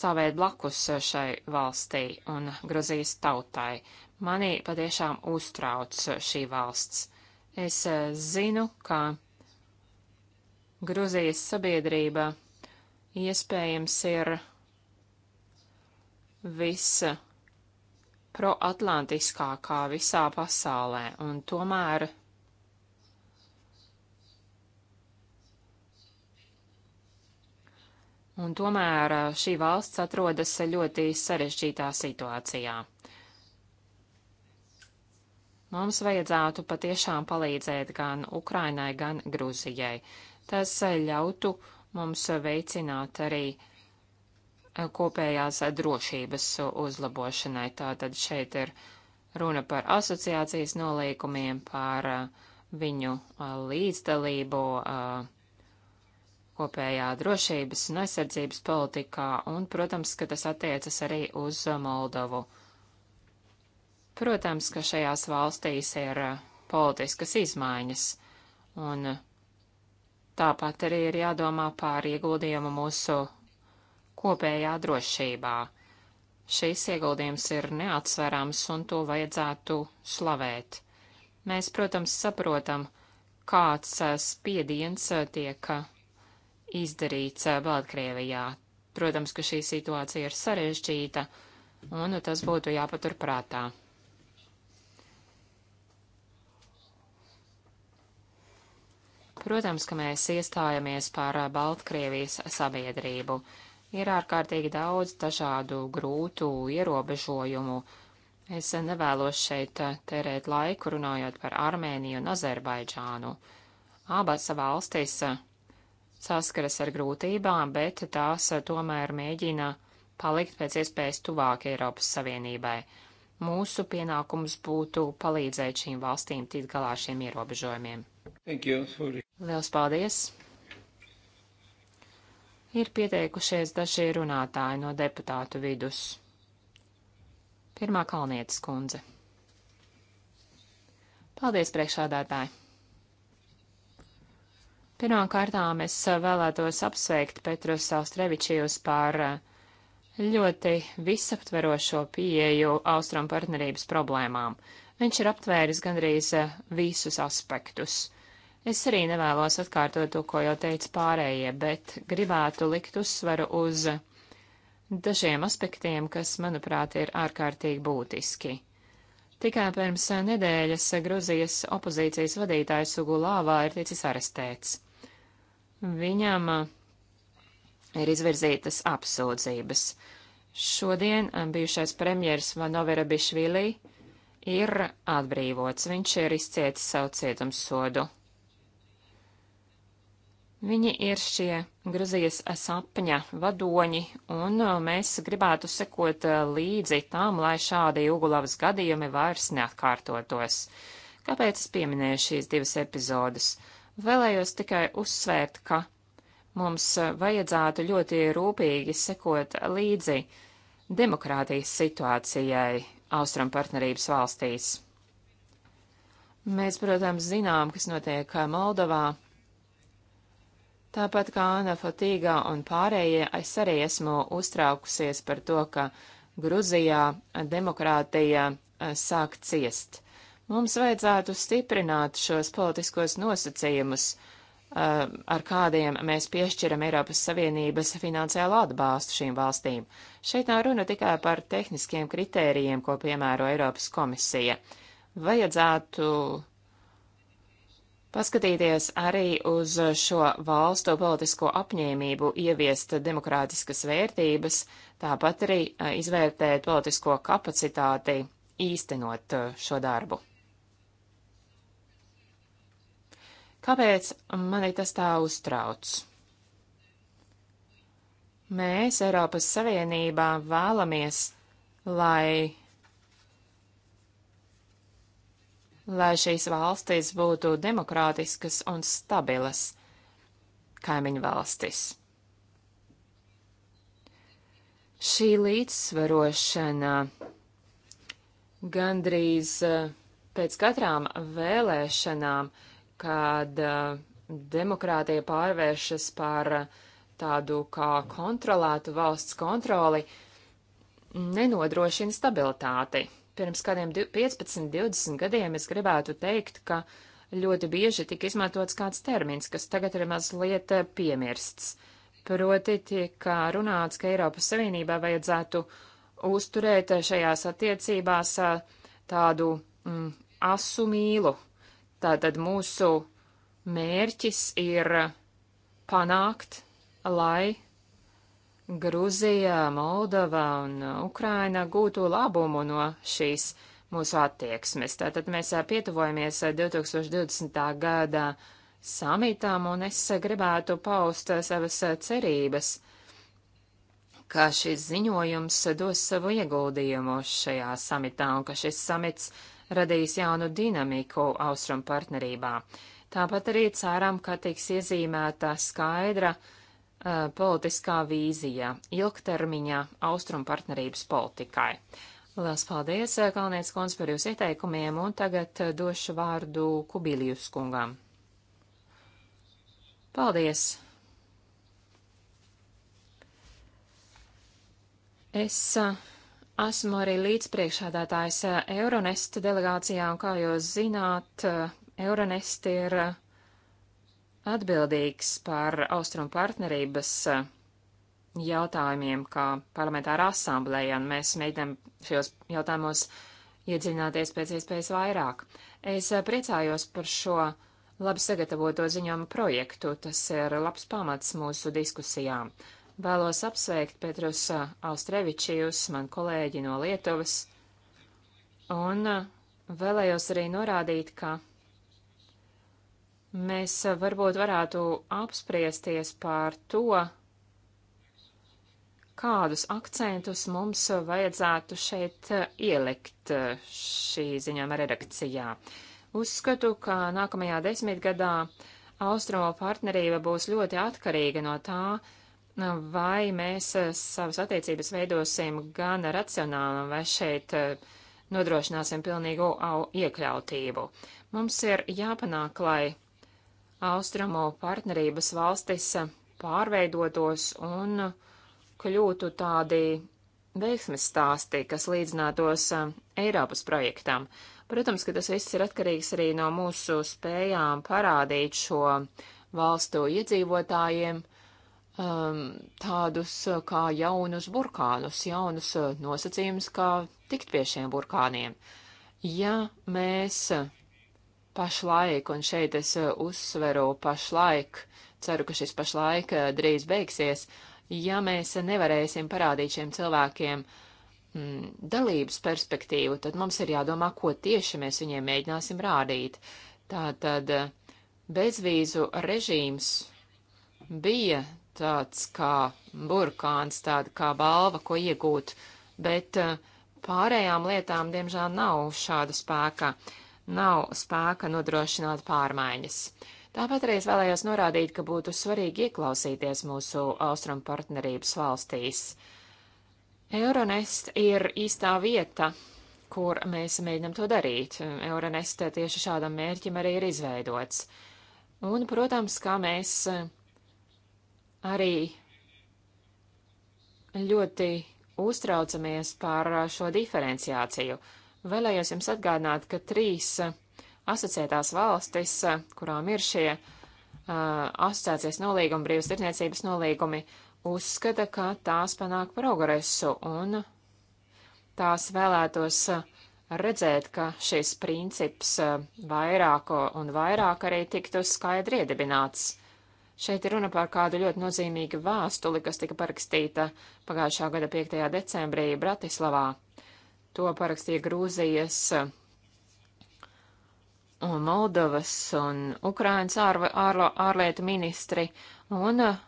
stāvēt blakus šai valstī un Gruzijas tautai. Mani patiešām uztrauc šī valsts. Es zinu, ka Gruzijas sabiedrība iespējams ir visa proatlantiskākā visā pasaulē, un tomēr Un tomēr uh, šī valsts atrodas ļoti sarežģītā situācijā. Mums vajadzētu patiešām palīdzēt gan Ukrainai, gan Grūzijai. Tas uh, ļautu uh, mums veicināt arī e, kopējās drošības uzlabošanai. Tātad šeit ir runa par asociācijas nolīkumiem, par e, viņu e, līdzdalību kopējā drošības un aizsardzības politikā, un, protams, ka tas attiecas arī uz Moldovu. Protams, ka šajās valstīs ir politiskas izmaiņas, un Tāpat arī ir jādomā par ieguldījumu mūsu kopējā drošībā. Šīs ieguldījums ir neatsverams un to vajadzētu slavēt. Mēs, protams, saprotam, kāds spiediens tiek izdarīts Baltkrievijā. Protams, ka šī situācija ir sarežģīta, un tas būtu jāpatur prātā. Protams, ka mēs iestājamies par Baltkrievijas sabiedrību. Ir ārkārtīgi daudz dažādu grūtu ierobežojumu. Es nevēlos šeit terēt laiku runājot par Armēniju un Azerbaidžānu. Abas valstis saskaras ar grūtībām, bet tās tomēr mēģina palikt pēc iespējas tuvāk Eiropas Savienībai. Mūsu pienākums būtu palīdzēt šīm valstīm tikt galā šiem ierobežojumiem. Lielas paldies! Ir pieteikušies daži runātāji no deputātu vidus. Pirmā kalnietes kundze. Paldies, priekšādātāji! Pirmām kārtām es vēlētos apsveikt Petru Saustrevičijus par ļoti visaptverošo pieeju Austrum partnerības problēmām. Viņš ir aptvēris gandrīz visus aspektus. Es arī nevēlos atkārtot to, ko jau teica pārējie, bet gribētu likt uzsvaru uz dažiem aspektiem, kas, manuprāt, ir ārkārtīgi būtiski. Tikai pirms nedēļas Gruzijas opozīcijas vadītājs Ugulāvā ir ticis arestēts. Viņam ir izvirzītas apsūdzības. Šodien bijušais premjers Vanovera Bišvili ir atbrīvots. Viņš ir izcietis savu cietumsodu. Viņi ir šie Gruzijas sapņa vadoņi, un uh, mēs gribētu sekot uh, līdzi tam, lai šādi Ugulavas gadījumi vairs neatkārtotos. Kāpēc es pieminēju šīs divas epizodes? Vēlējos tikai uzsvērt, ka mums uh, vajadzētu ļoti rūpīgi sekot līdzi demokrātijas situācijai Austrum partnerības valstīs. Mēs, protams, zinām, kas notiek Moldovā Tāpat kā Anna Fotīga un pārējie, es arī esmu uztraukusies par to, ka Gruzijā demokrātija eh, sāk ciest. Mums vajadzētu stiprināt šos politiskos nosacījumus, eh, ar kādiem mēs piešķiram Eiropas Savienības finansiālu atbalstu šīm valstīm. Šeit nav runa tikai par tehniskiem kritērijiem, ko piemēro Eiropas komisija. Vajadzētu paskatīties arī uz šo valstu politisko apņēmību ieviest demokrātiskas vērtības, tāpat arī izvērtēt politisko kapacitāti īstenot šo darbu. Kāpēc mani tas tā uztrauc? Mēs Eiropas Savienībā vēlamies, lai lai šīs valstis būtu demokrātiskas un stabilas kaimiņu valstis. Šī līdzsvarošana gandrīz eh, pēc katrām vēlēšanām, kad eh, demokrātija pārvēršas par eh, tādu kā kontrolētu valsts kontroli, nenodrošina stabilitāti. Pirms kādiem 15, 20 gadiem es gribētu teikt, ka ļoti bieži tika izmantots kāds termins, kas tagad ir mazliet eh, piemirsts. Proti tika runāts, ka Eiropas Savienībā vajadzētu uzturēt eh, šajās attiecībās eh, tādu mm, asu mīlu. Tātad mūsu mērķis ir panākt, lai Gruzija, Moldova un Ukraina gūtu labumu no šīs mūsu attieksmes. Tātad mēs pietuvojamies 2020. gada samitām, un es gribētu paust savas cerības, ka šis ziņojums dos savu ieguldījumu šajā samitā, un ka šis samits radīs jaunu dinamiku Austrum partnerībā. Tāpat arī ceram, ka tiks iezīmēta skaidra, uh, Uh, politiskā vīzija ilgtermiņa austrumu partnerības politikai. Lielas paldies, uh, Kalniec kundz, par jūsu ieteikumiem, un tagad uh, došu vārdu Kubīlijus kungam. Paldies! Es esmu arī līdzpriekšādātājs Euronest delegācijā, un kā jūs zināt, Euronest ir atbildīgs par Austrum partnerības eh, jautājumiem, kā parlamentāra asamblēja, un mēs mēģinām šajos jautājumos iedziļināties pēc iespējas vairāk. Es eh, priecājos par šo labi sagatavoto ziņojumu projektu, tas ir labs pamats mūsu diskusijām. Vēlos apsveikt Petrus eh, Austrevičijus, man kolēģi no Lietuvas, un vēlējos arī norādīt, ka Mēs eh, varbūt varētu apspriesties par to, kādus akcentus mums vajadzētu šeit eh, ielikt eh, šī ziņojuma redakcijā. Uzskatu, ka nākamajā desmitgadā austrumu partnerība būs ļoti atkarīga no tā, vai mēs savas attiecības veidosim gan racionāli, vai šeit nodrošināsim pilnīgu iekļautību. Mums ir jāpanāk, lai austrumu partnerības valstis pārveidotos un kļūtu tādi veiksmes stāsti, kas līdzinātos Eiropas projektam. Protams, ka tas viss ir atkarīgs arī no mūsu spējām parādīt šo valstu iedzīvotājiem um, tādus kā jaunus burkānus, jaunus nosacījumus, kā tikt pie šiem burkāniem. Ja mēs pašlaik, un šeit es eh, uzsveru pašlaik, ceru, ka šis pašlaik eh, drīz beigsies, ja mēs nevarēsim parādīt šiem cilvēkiem mm, dalības perspektīvu, tad mums ir jādomā, ko tieši mēs viņiem mēģināsim rādīt. Tātad eh, bezvīzu režīms bija tāds kā burkāns, tāda kā balva, ko iegūt, bet pārējām lietām, diemžēl, nav šāda spēka. Uh, nav spēka nodrošināt pārmaiņas. Tāpat arī es vēlējos norādīt, ka būtu svarīgi ieklausīties mūsu austrumu partnerības valstīs. Euronest ir īstā vieta, kur mēs mēģinam to darīt. Euronest tieši šādam mērķim arī ir izveidots. Un, protams, kā mēs arī ļoti uztraucamies par šo diferenciāciju. Vēlējos jums atgādināt, ka trīs uh, asociētās valstis, uh, kurām ir šie uh, asociācijas nolīgumi, brīvas tirniecības nolīgumi, uzskata, ka tās panāk progresu un tās vēlētos uh, redzēt, ka šis princips vairāko un vairāk arī tiktu skaidri iedibināts. Šeit ir runa par kādu ļoti nozīmīgu vēstuli, kas tika parakstīta pagājušā gada 5. decembrī Bratislavā. To parakstīja Grūzijas uh, un Moldovas un Ukrainas ār, ār, ārlietu ministri, un uh,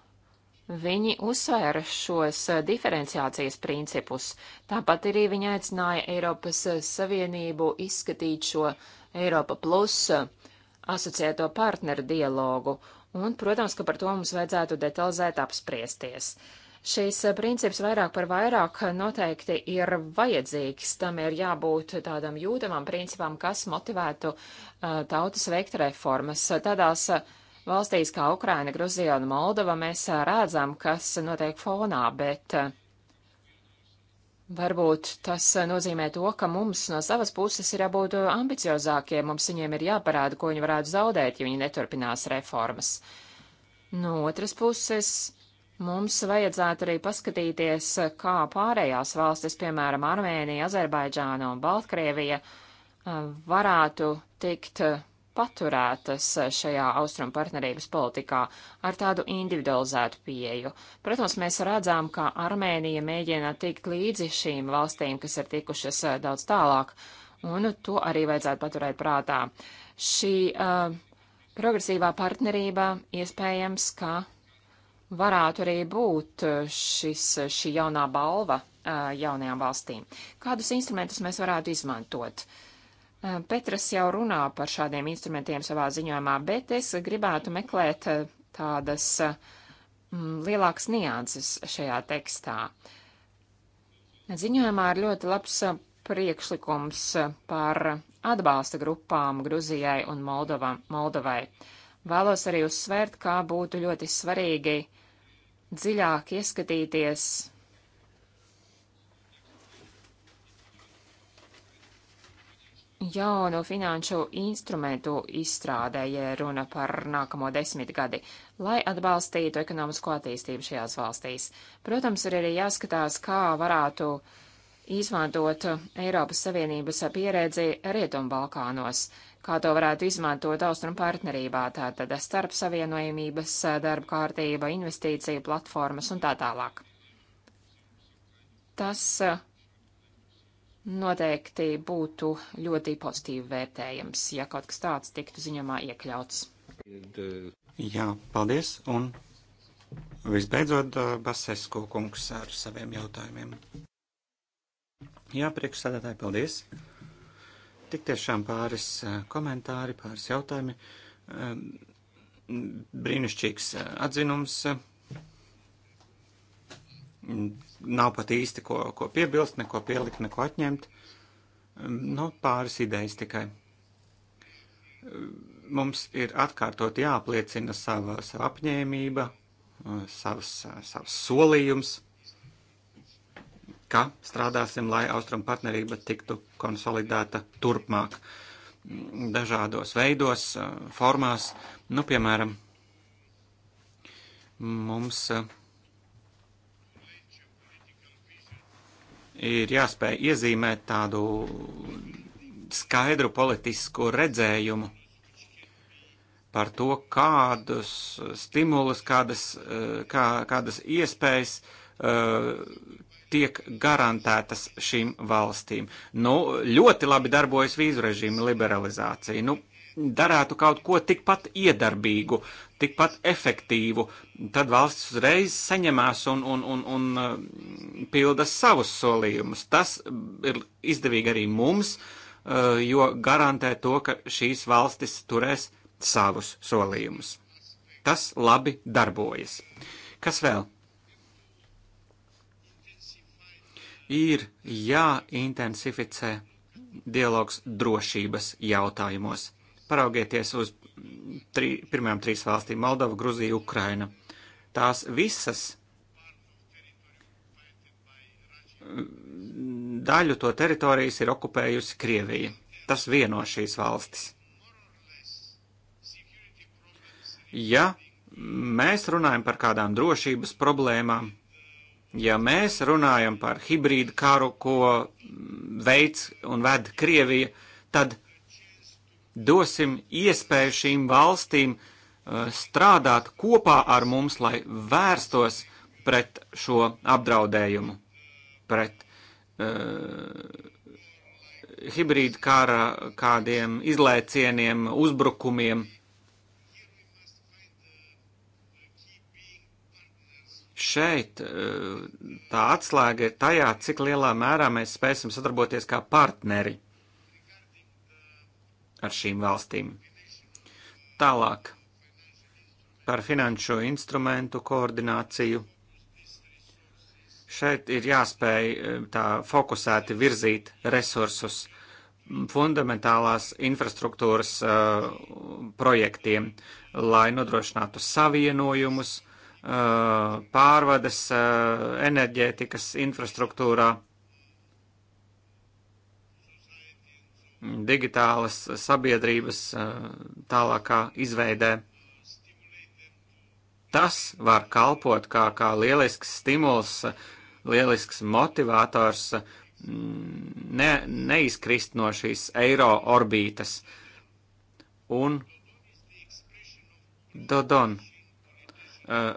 viņi uzsvēra šos uh, diferenciācijas principus. Tāpat arī viņi aicināja Eiropas Savienību izskatīt šo Eiropa Plus asociēto partneru dialogu, un, protams, ka par to mums vajadzētu detalizēt apspriesties. Uh, Šīs eh, princips vairāk par vairāk noteikti ir vajadzīgs. Tam ir jābūt tādam jūtamam principam, kas motivētu uh, tautas veikt reformas. Tādās uh, valstīs kā Ukraina, Gruzija un Moldova mēs uh, redzam, kas notiek fonā, bet varbūt tas nozīmē to, ka mums no savas puses ir jābūt ambiciozākiem, mums viņiem ir jāparāda, ko viņi varētu zaudēt, ja viņi neturpinās reformas. No otras puses, Mums vajadzētu arī paskatīties, kā pārējās valstis, piemēram, Armēnija, Azerbaidžāna un Baltkrievija, varētu tikt paturētas šajā austrumu partnerības politikā ar tādu individualizētu pieju. Protams, mēs redzam, ka Armēnija mēģina tikt līdzi šīm valstīm, kas ir tikušas daudz tālāk, un to arī vajadzētu paturēt prātā. Šī uh, progresīvā partnerība iespējams, ka varētu arī būt eh, šis, eh, šī jaunā balva eh, jaunajām valstīm. Kādus instrumentus mēs varētu izmantot? Petras jau runā par šādiem instrumentiem savā ziņojumā, bet es gribētu meklēt tādas mm, lielākas nianses šajā tekstā. Ziņojumā ir ļoti labs priekšlikums par atbalsta grupām Gruzijai un Moldova, Moldovai. Moldovai. Vēlos arī uzsvērt, kā būtu ļoti svarīgi dziļāk ieskatīties jaunu finanšu instrumentu izstrādē, ja runa par nākamo desmitgadi, lai atbalstītu ekonomisko attīstību šajās valstīs. Protams, ir arī jāskatās, kā varētu izmantot Eiropas Savienības pieredzi Rietumbalkānos kā to varētu izmantot austrumu partnerībā, tātad starp savienojumības eh, darba kārtība, investīcija platformas un tā tālāk. Tas eh, noteikti būtu ļoti pozitīvi vērtējams, ja kaut kas tāds tiktu ziņamā iekļauts. Jā, paldies, un visbeidzot eh, Basesko kungs ar saviem jautājumiem. Jā, priekšsēdētāji, paldies! Tik tiešām pāris eh, komentāri, pāris jautājumi. Eh, brīnišķīgs eh, atzinums. Nav pat īsti ko, ko piebilst, neko pielikt, neko atņemt. Nu, pāris idejas tikai. Mums ir atkārtot jāapliecina sava, sava apņēmība, savs, savs solījums ka strādāsim, lai austrumu partnerība tiktu konsolidēta turpmāk dažādos veidos, formās. Nu, piemēram, mums eh, ir jāspēj iezīmēt tādu skaidru politisku redzējumu par to, kādus stimulus, kādas, eh, kā, kādas iespējas eh, tiek garantētas šīm valstīm. Nu, ļoti labi darbojas vīzu režīma liberalizācija. Nu, darētu kaut ko tikpat iedarbīgu, tikpat efektīvu, tad valsts uzreiz saņemās un, un, un, un uh, pilda savus solījumus. Tas ir izdevīgi arī mums, uh, jo garantē to, ka šīs valstis turēs savus solījumus. Tas labi darbojas. Kas vēl? ir jāintensificē dialogs drošības jautājumos. Paraugieties uz tri, pirmajām trīs valstīm - Moldova, Gruzija, Ukraina. Tās visas daļu to teritorijas ir okupējusi Krievija. Tas vieno šīs valstis. Ja mēs runājam par kādām drošības problēmām, Ja mēs runājam par hibrīdu karu, ko veids un ved Krievija, tad dosim iespēju šīm valstīm uh, strādāt kopā ar mums, lai vērstos pret šo apdraudējumu, pret uh, hibrīdu kara kādiem izlēcieniem, uzbrukumiem. šeit eh, tā atslēga ir tajā, cik lielā mērā mēs spēsim sadarboties kā partneri ar šīm valstīm. Tālāk par finanšu instrumentu koordināciju. Šeit ir jāspēj eh, tā fokusēti virzīt resursus fundamentālās infrastruktūras uh, projektiem, lai nodrošinātu savienojumus uh, Uh, pārvades, uh, enerģētikas infrastruktūrā, digitālas sabiedrības uh, tālākā izveidē. Tas var kalpot kā, kā lielisks stimuls, lielisks motivators mm, ne, neizkrist no šīs eiro orbītas. Un Dodon. Uh,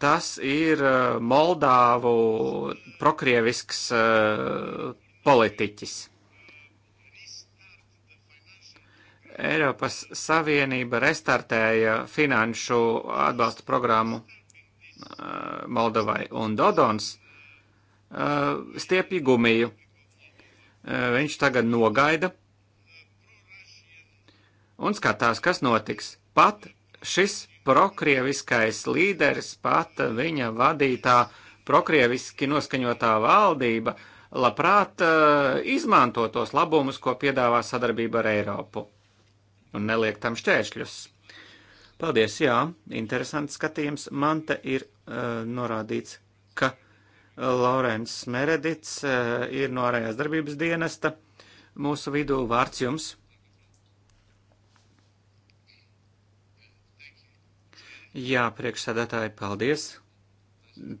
tas ir eh, Moldāvu prokrievisks eh, politiķis. Eiropas Savienība restartēja finanšu atbalsta programmu eh, Moldovai un Dodons stiepja gumiju. Viņš tagad nogaida un skatās, kas notiks. Pat šis prokrieviskais līderis, pat viņa vadītā prokrieviski noskaņotā valdība, labprāt eh, izmanto tos labumus, ko piedāvā sadarbība ar Eiropu. Un neliek tam šķēršļus. Paldies, jā, interesants skatījums. Man te ir uh, norādīts, ka eh, Laurents Meredits uh, ir no ārējās darbības dienesta. Mūsu vidū vārds jums. Jā, priekšsēdētāji, paldies.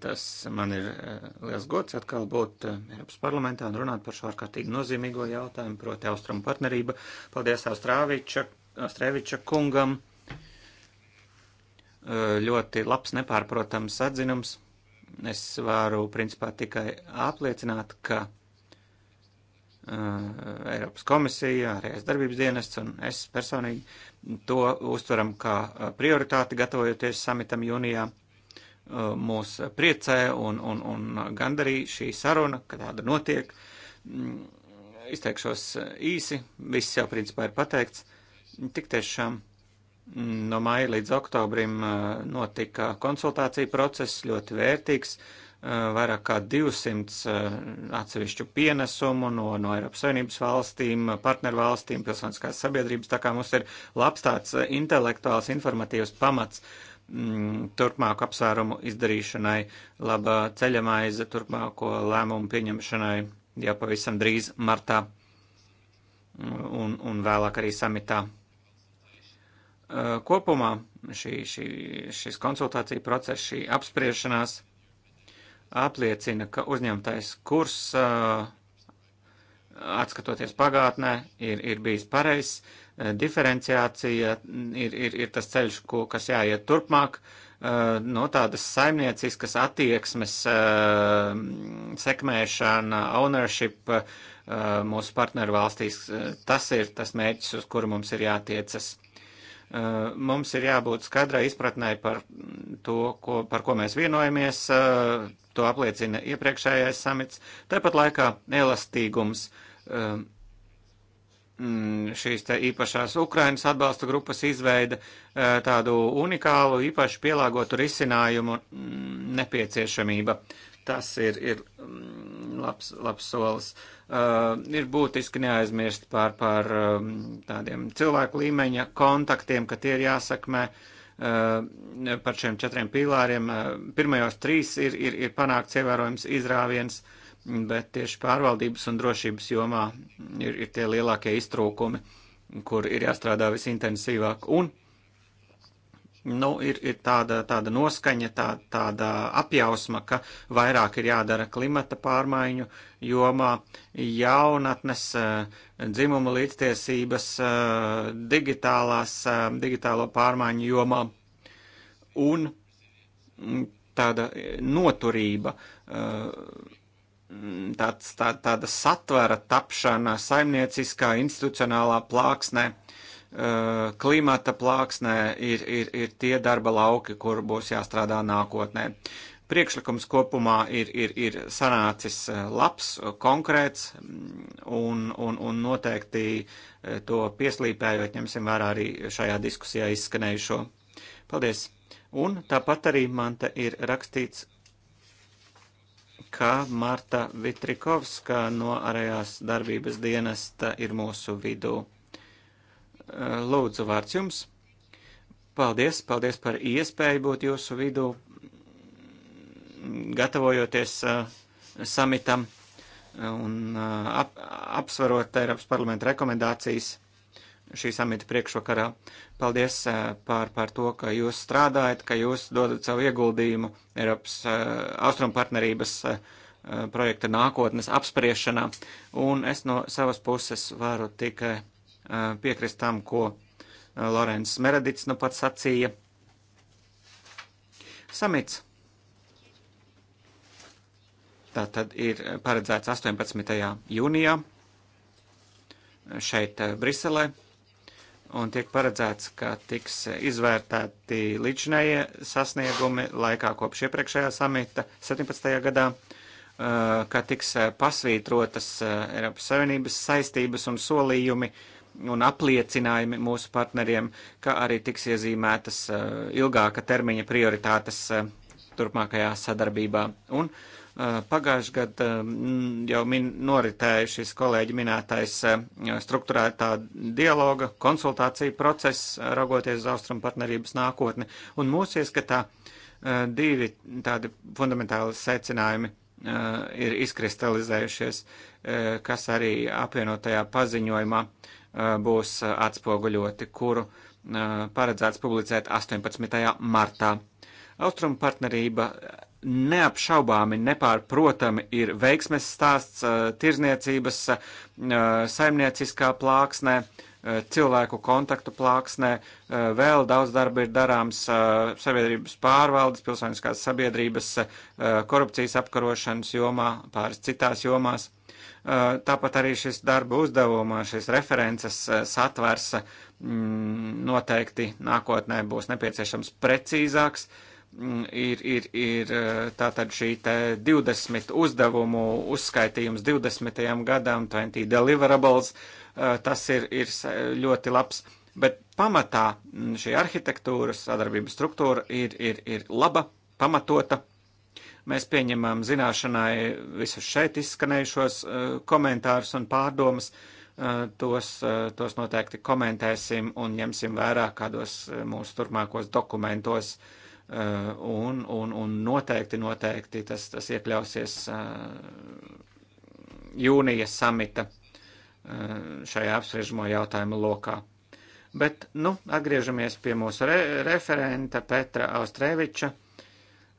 Tas man ir eh, liels gods atkal būt eh, Eiropas parlamentā un runāt par šo ārkārtīgi nozīmīgo jautājumu, proti Austrumu partnerība. Paldies Austrāviča, Austrēviča kungam. Eh, ļoti labs, nepārprotams atzinums. Es varu principā tikai apliecināt, ka Eh, Eiropas komisija, arī es darbības dienests un es personīgi to uztveram kā eh, prioritāti gatavojoties samitam jūnijā. Eh, mūs priecē un, un, un gandarī šī saruna, ka tāda notiek. Mm, izteikšos īsi, viss jau principā ir pateikts. Tik tiešām mm, no maija līdz oktobrim notika konsultācija process, ļoti vērtīgs Eh, vairāk kā 200 eh, atsevišķu pienesumu no, no Eiropas Savienības valstīm, partneru valstīm, pilsoniskās sabiedrības. Tā kā mums ir labs tāds eh, intelektuāls informatīvs pamats m, mm, turpmāku apsvērumu izdarīšanai, laba ceļamaize turpmāko lēmumu pieņemšanai jau pavisam drīz martā un, un vēlāk arī samitā. Kopumā šī, šī, šis konsultācija process, šī apspriešanās apliecina, ka uzņemtais kurs, atskatoties pagātnē, ir, ir bijis pareizs. Diferenciācija ir, ir, ir tas ceļš, ko, kas jāiet turpmāk. No tādas saimnieciskas attieksmes, sekmēšana, ownership mūsu partneru valstīs, tas ir tas mērķis, uz kuru mums ir jātiecas. Eh, mums ir jābūt skaidrai izpratnē par to, ko, par ko mēs vienojamies, eh, to apliecina iepriekšējais samits. Tāpat laikā elastīgums eh, mm, šīs īpašās Ukrainas atbalsta grupas izveida tādu unikālu, īpaši pielāgotu risinājumu mm, nepieciešamība. Uh, Tas ir, ir mm, labs, labs solis. Uh, ir būtiski neaizmirst par, par um, tādiem cilvēku līmeņa kontaktiem, ka tie ir jāsakmē. Uh, par šiem četriem pīlāriem. Uh, pirmajos trīs ir, ir, ir panākts ievērojams izrāviens, bet tieši pārvaldības un drošības jomā ir, ir tie lielākie iztrūkumi, kur ir jāstrādā visintensīvāk. Un nu, ir, ir tāda, tāda noskaņa, tā, tāda apjausma, ka vairāk ir jādara klimata pārmaiņu jomā, jaunatnes, eh, dzimuma līdztiesības, eh, digitālās, eh, digitālo pārmaiņu jomā un mm, tāda noturība, tāds, tā, tāda satvera tapšana saimnieciskā, institucionālā plāksnē. Eh, klimata plāksnē ir, ir, ir tie darba lauki, kur būs jāstrādā nākotnē. Priekšlikums kopumā ir, ir, ir sanācis eh, labs, konkrēts mm, un, un, un noteikti eh, to pieslīpējot ņemsim vērā arī šajā diskusijā izskanējušo. Paldies! Un tāpat arī man te ir rakstīts, ka Marta Vitrikovska no arējās darbības dienesta ir mūsu vidū. Lūdzu, vārds jums. Paldies, paldies par iespēju būt jūsu vidū, gatavojoties uh, samitam uh, un uh, ap, apsvarot Eiropas parlamenta rekomendācijas šī samita priekšvakarā. Paldies uh, par, par to, ka jūs strādājat, ka jūs dodat savu ieguldījumu Eiropas uh, austrumu partnerības uh, projekta nākotnes apspriešanā, un es no savas puses varu tikai piekrist tam, ko Lorenz Meredits nu pat sacīja. Samits. Tā tad ir paredzēts 18. jūnijā šeit Briselē, un tiek paredzēts, ka tiks izvērtēti līdzinējie sasniegumi laikā kopš iepriekšējā samita 17. gadā ka tiks pasvītrotas Eiropas Savienības saistības un solījumi un apliecinājumi mūsu partneriem, ka arī tiks iezīmētas eh, ilgāka termiņa prioritātes eh, turpmākajā sadarbībā. Un eh, pagājuši gadu jau min, noritēja šis kolēģi minētais struktūrētā dialoga, konsultācija process, raugoties uz austrumu partnerības nākotni. Un mūsu ieskatā divi tādi fundamentāli secinājumi ir izkristalizējušies, kas arī apvienotajā paziņojumā uh, Uh, būs uh, atspoguļoti, kuru uh, paredzēts publicēt 18. martā. Austrumu partnerība neapšaubāmi, nepārprotami ir veiksmes stāsts tirzniecības, saimnieciskā plāksnē, cilvēku kontaktu plāksnē. Vēl daudz darba ir darāms sabiedrības pārvaldes, pilsoniskās sabiedrības, korupcijas apkarošanas jomā, pāris citās jomās Tāpat arī šis darba uzdevuma, šis references satvers mm, noteikti nākotnē būs nepieciešams precīzāks. Mm, ir, ir, ir tātad šī 20 uzdevumu uzskaitījums 20. gadam, 20 deliverables, tas ir, ir ļoti labs, bet pamatā mm, šī arhitektūra, sadarbības struktūra ir, ir, ir laba, pamatota Mēs pieņemam zināšanai visus šeit izskanējušos uh, komentārus un pārdomas. Uh, tos, uh, tos noteikti komentēsim un ņemsim vērā kādos mūsu turpmākos dokumentos. Un, un, un noteikti, noteikti tas, tas iekļausies jūnija samita šajā apspriežamo jautājumu lokā. Bet, nu, atgriežamies pie mūsu re referenta Petra Austrēviča.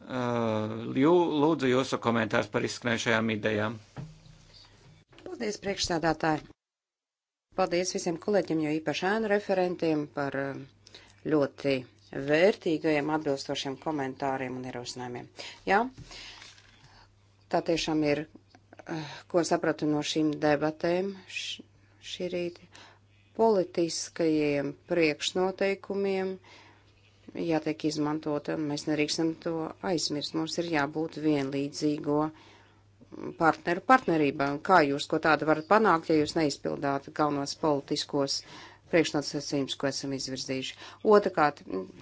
Jū, lūdzu jūsu komentārs par izskanējušajām idejām. Paldies, priekšstādātāji! Paldies visiem kolēģiem, jo īpaši ēnu referentiem par eh, ļoti vērtīgajiem atbilstošiem komentāriem un ierosinājumiem. Jā, tā tiešām ir, eh, ko sapratu no šīm debatēm šī rīta, politiskajiem priekšnoteikumiem. Uh, jātiek izmantota, un mēs nerīkstam to aizmirst. Mums ir jābūt vienlīdzīgo partneru partnerībā. Un kā jūs ko tādu varat panākt, ja jūs neizpildāt galvenos politiskos priekšnosacījumus, ko esam izvirzījuši? Otrakārt,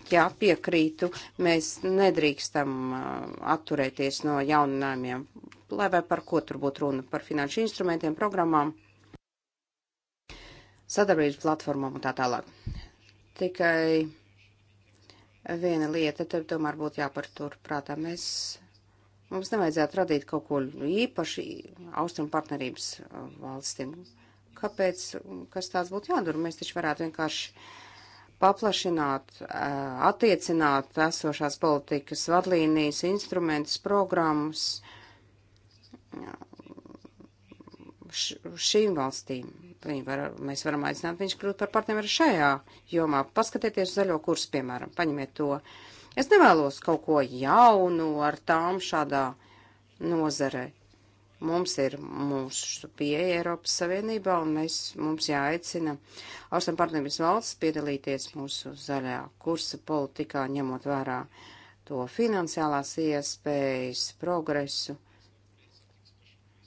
jā, piekrītu, mēs nedrīkstam uh, atturēties no jauninājumiem, lai vai par ko tur būtu runa, par finanšu instrumentiem, programmām, sadarbības platformām un tā tālāk. Tikai viena lieta, tad tomēr būtu jāpartur prātā. Mēs, mums nevajadzētu radīt kaut ko īpaši austrumu partnerības uh, valstīm. Kāpēc, kas tāds būtu jādara? Mēs taču varētu vienkārši paplašināt, uh, attiecināt esošās politikas vadlīnijas, instrumentus, programmas uh, šīm valstīm var, mēs varam aicināt viņš kļūt par partneri šajā jomā. Paskatieties zaļo kursu, piemēram, paņemiet to. Es nevēlos kaut ko jaunu ar tām šādā nozarē. Mums ir mūsu pieeja Eiropas Savienībā, un mēs, mums jāaicina austrumu partnerības valsts piedalīties mūsu zaļā kursa politikā, ņemot vērā to finansiālās iespējas, progresu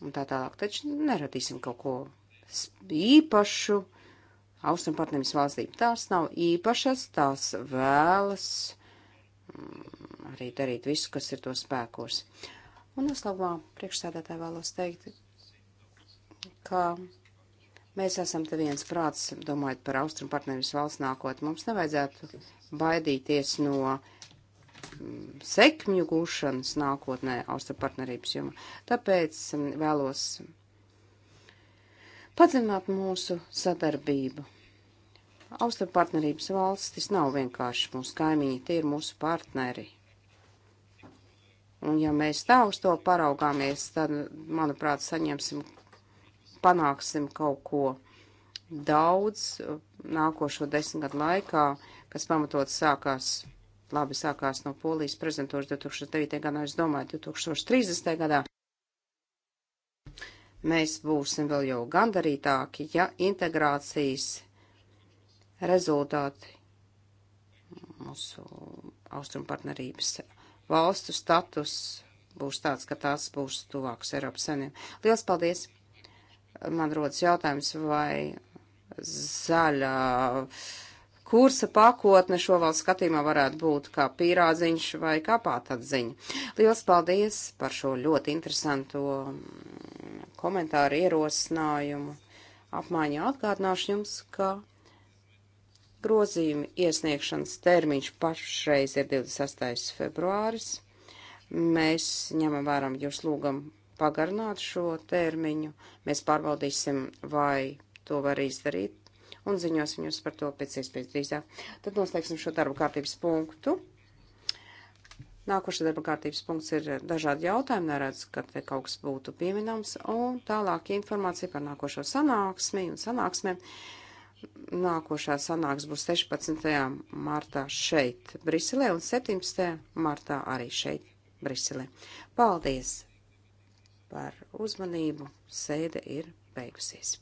un tā tālāk. Taču neradīsim kaut ko īpašu austrumu partnerības valstīm. Tās nav īpašas, tās vēlas mm, arī darīt visu, kas ir to spēkos. Un noslēgumā priekšsēdētāji vēlos teikt, ka mēs esam te viens prāts, domājot par austrumu partnerības valsts nākotni. Mums nevajadzētu baidīties no mm, sekmju gūšanas nākotnē austrumu partnerības jomā. Tāpēc mm, vēlos padziļināt mūsu sadarbību. Austrumu partnerības valstis nav vienkārši mūsu kaimiņi, tie ir mūsu partneri. Un ja mēs tā uz to paraugāmies, tad, manuprāt, saņemsim, panāksim kaut ko daudz uh, nākošo desmitgadu laikā, kas pamatot sākās, labi sākās no Polijas prezidentūras 2009. gadā, es domāju, 2030. gadā mēs būsim vēl jau gandarītāki, ja integrācijas rezultāti mūsu austrumpartnerības valstu status būs tāds, ka tās būs tuvākas Eiropas Savienībai. Lielas paldies! Man rodas jautājums, vai zaļā. Uh, kursa pakotne šo valsts skatījumā varētu būt kā pīrādziņš vai kā pātadziņa. Lielas paldies par šo ļoti interesanto mm, komentāru ierosinājumu. Apmaiņā atgādināšu jums, ka grozījuma iesniegšanas termiņš pašreiz ir 28. februāris. Mēs ņemam vērām jūs lūgam pagarināt šo termiņu. Mēs pārbaudīsim, vai to var izdarīt un ziņosim jums par to pēc iespējas drīzāk. Tad noslēgsim šo darbu kārtības punktu. Nākošais darba kārtības punkts ir dažādi jautājumi, neredz, ka te kaut kas būtu pieminams, un tālāk informācija par nākošo sanāksmi un sanāksmēm. Nākošā sanāks būs 16. martā šeit, Briselē, un 17. martā arī šeit, Briselē. Paldies par uzmanību, sēde ir beigusies.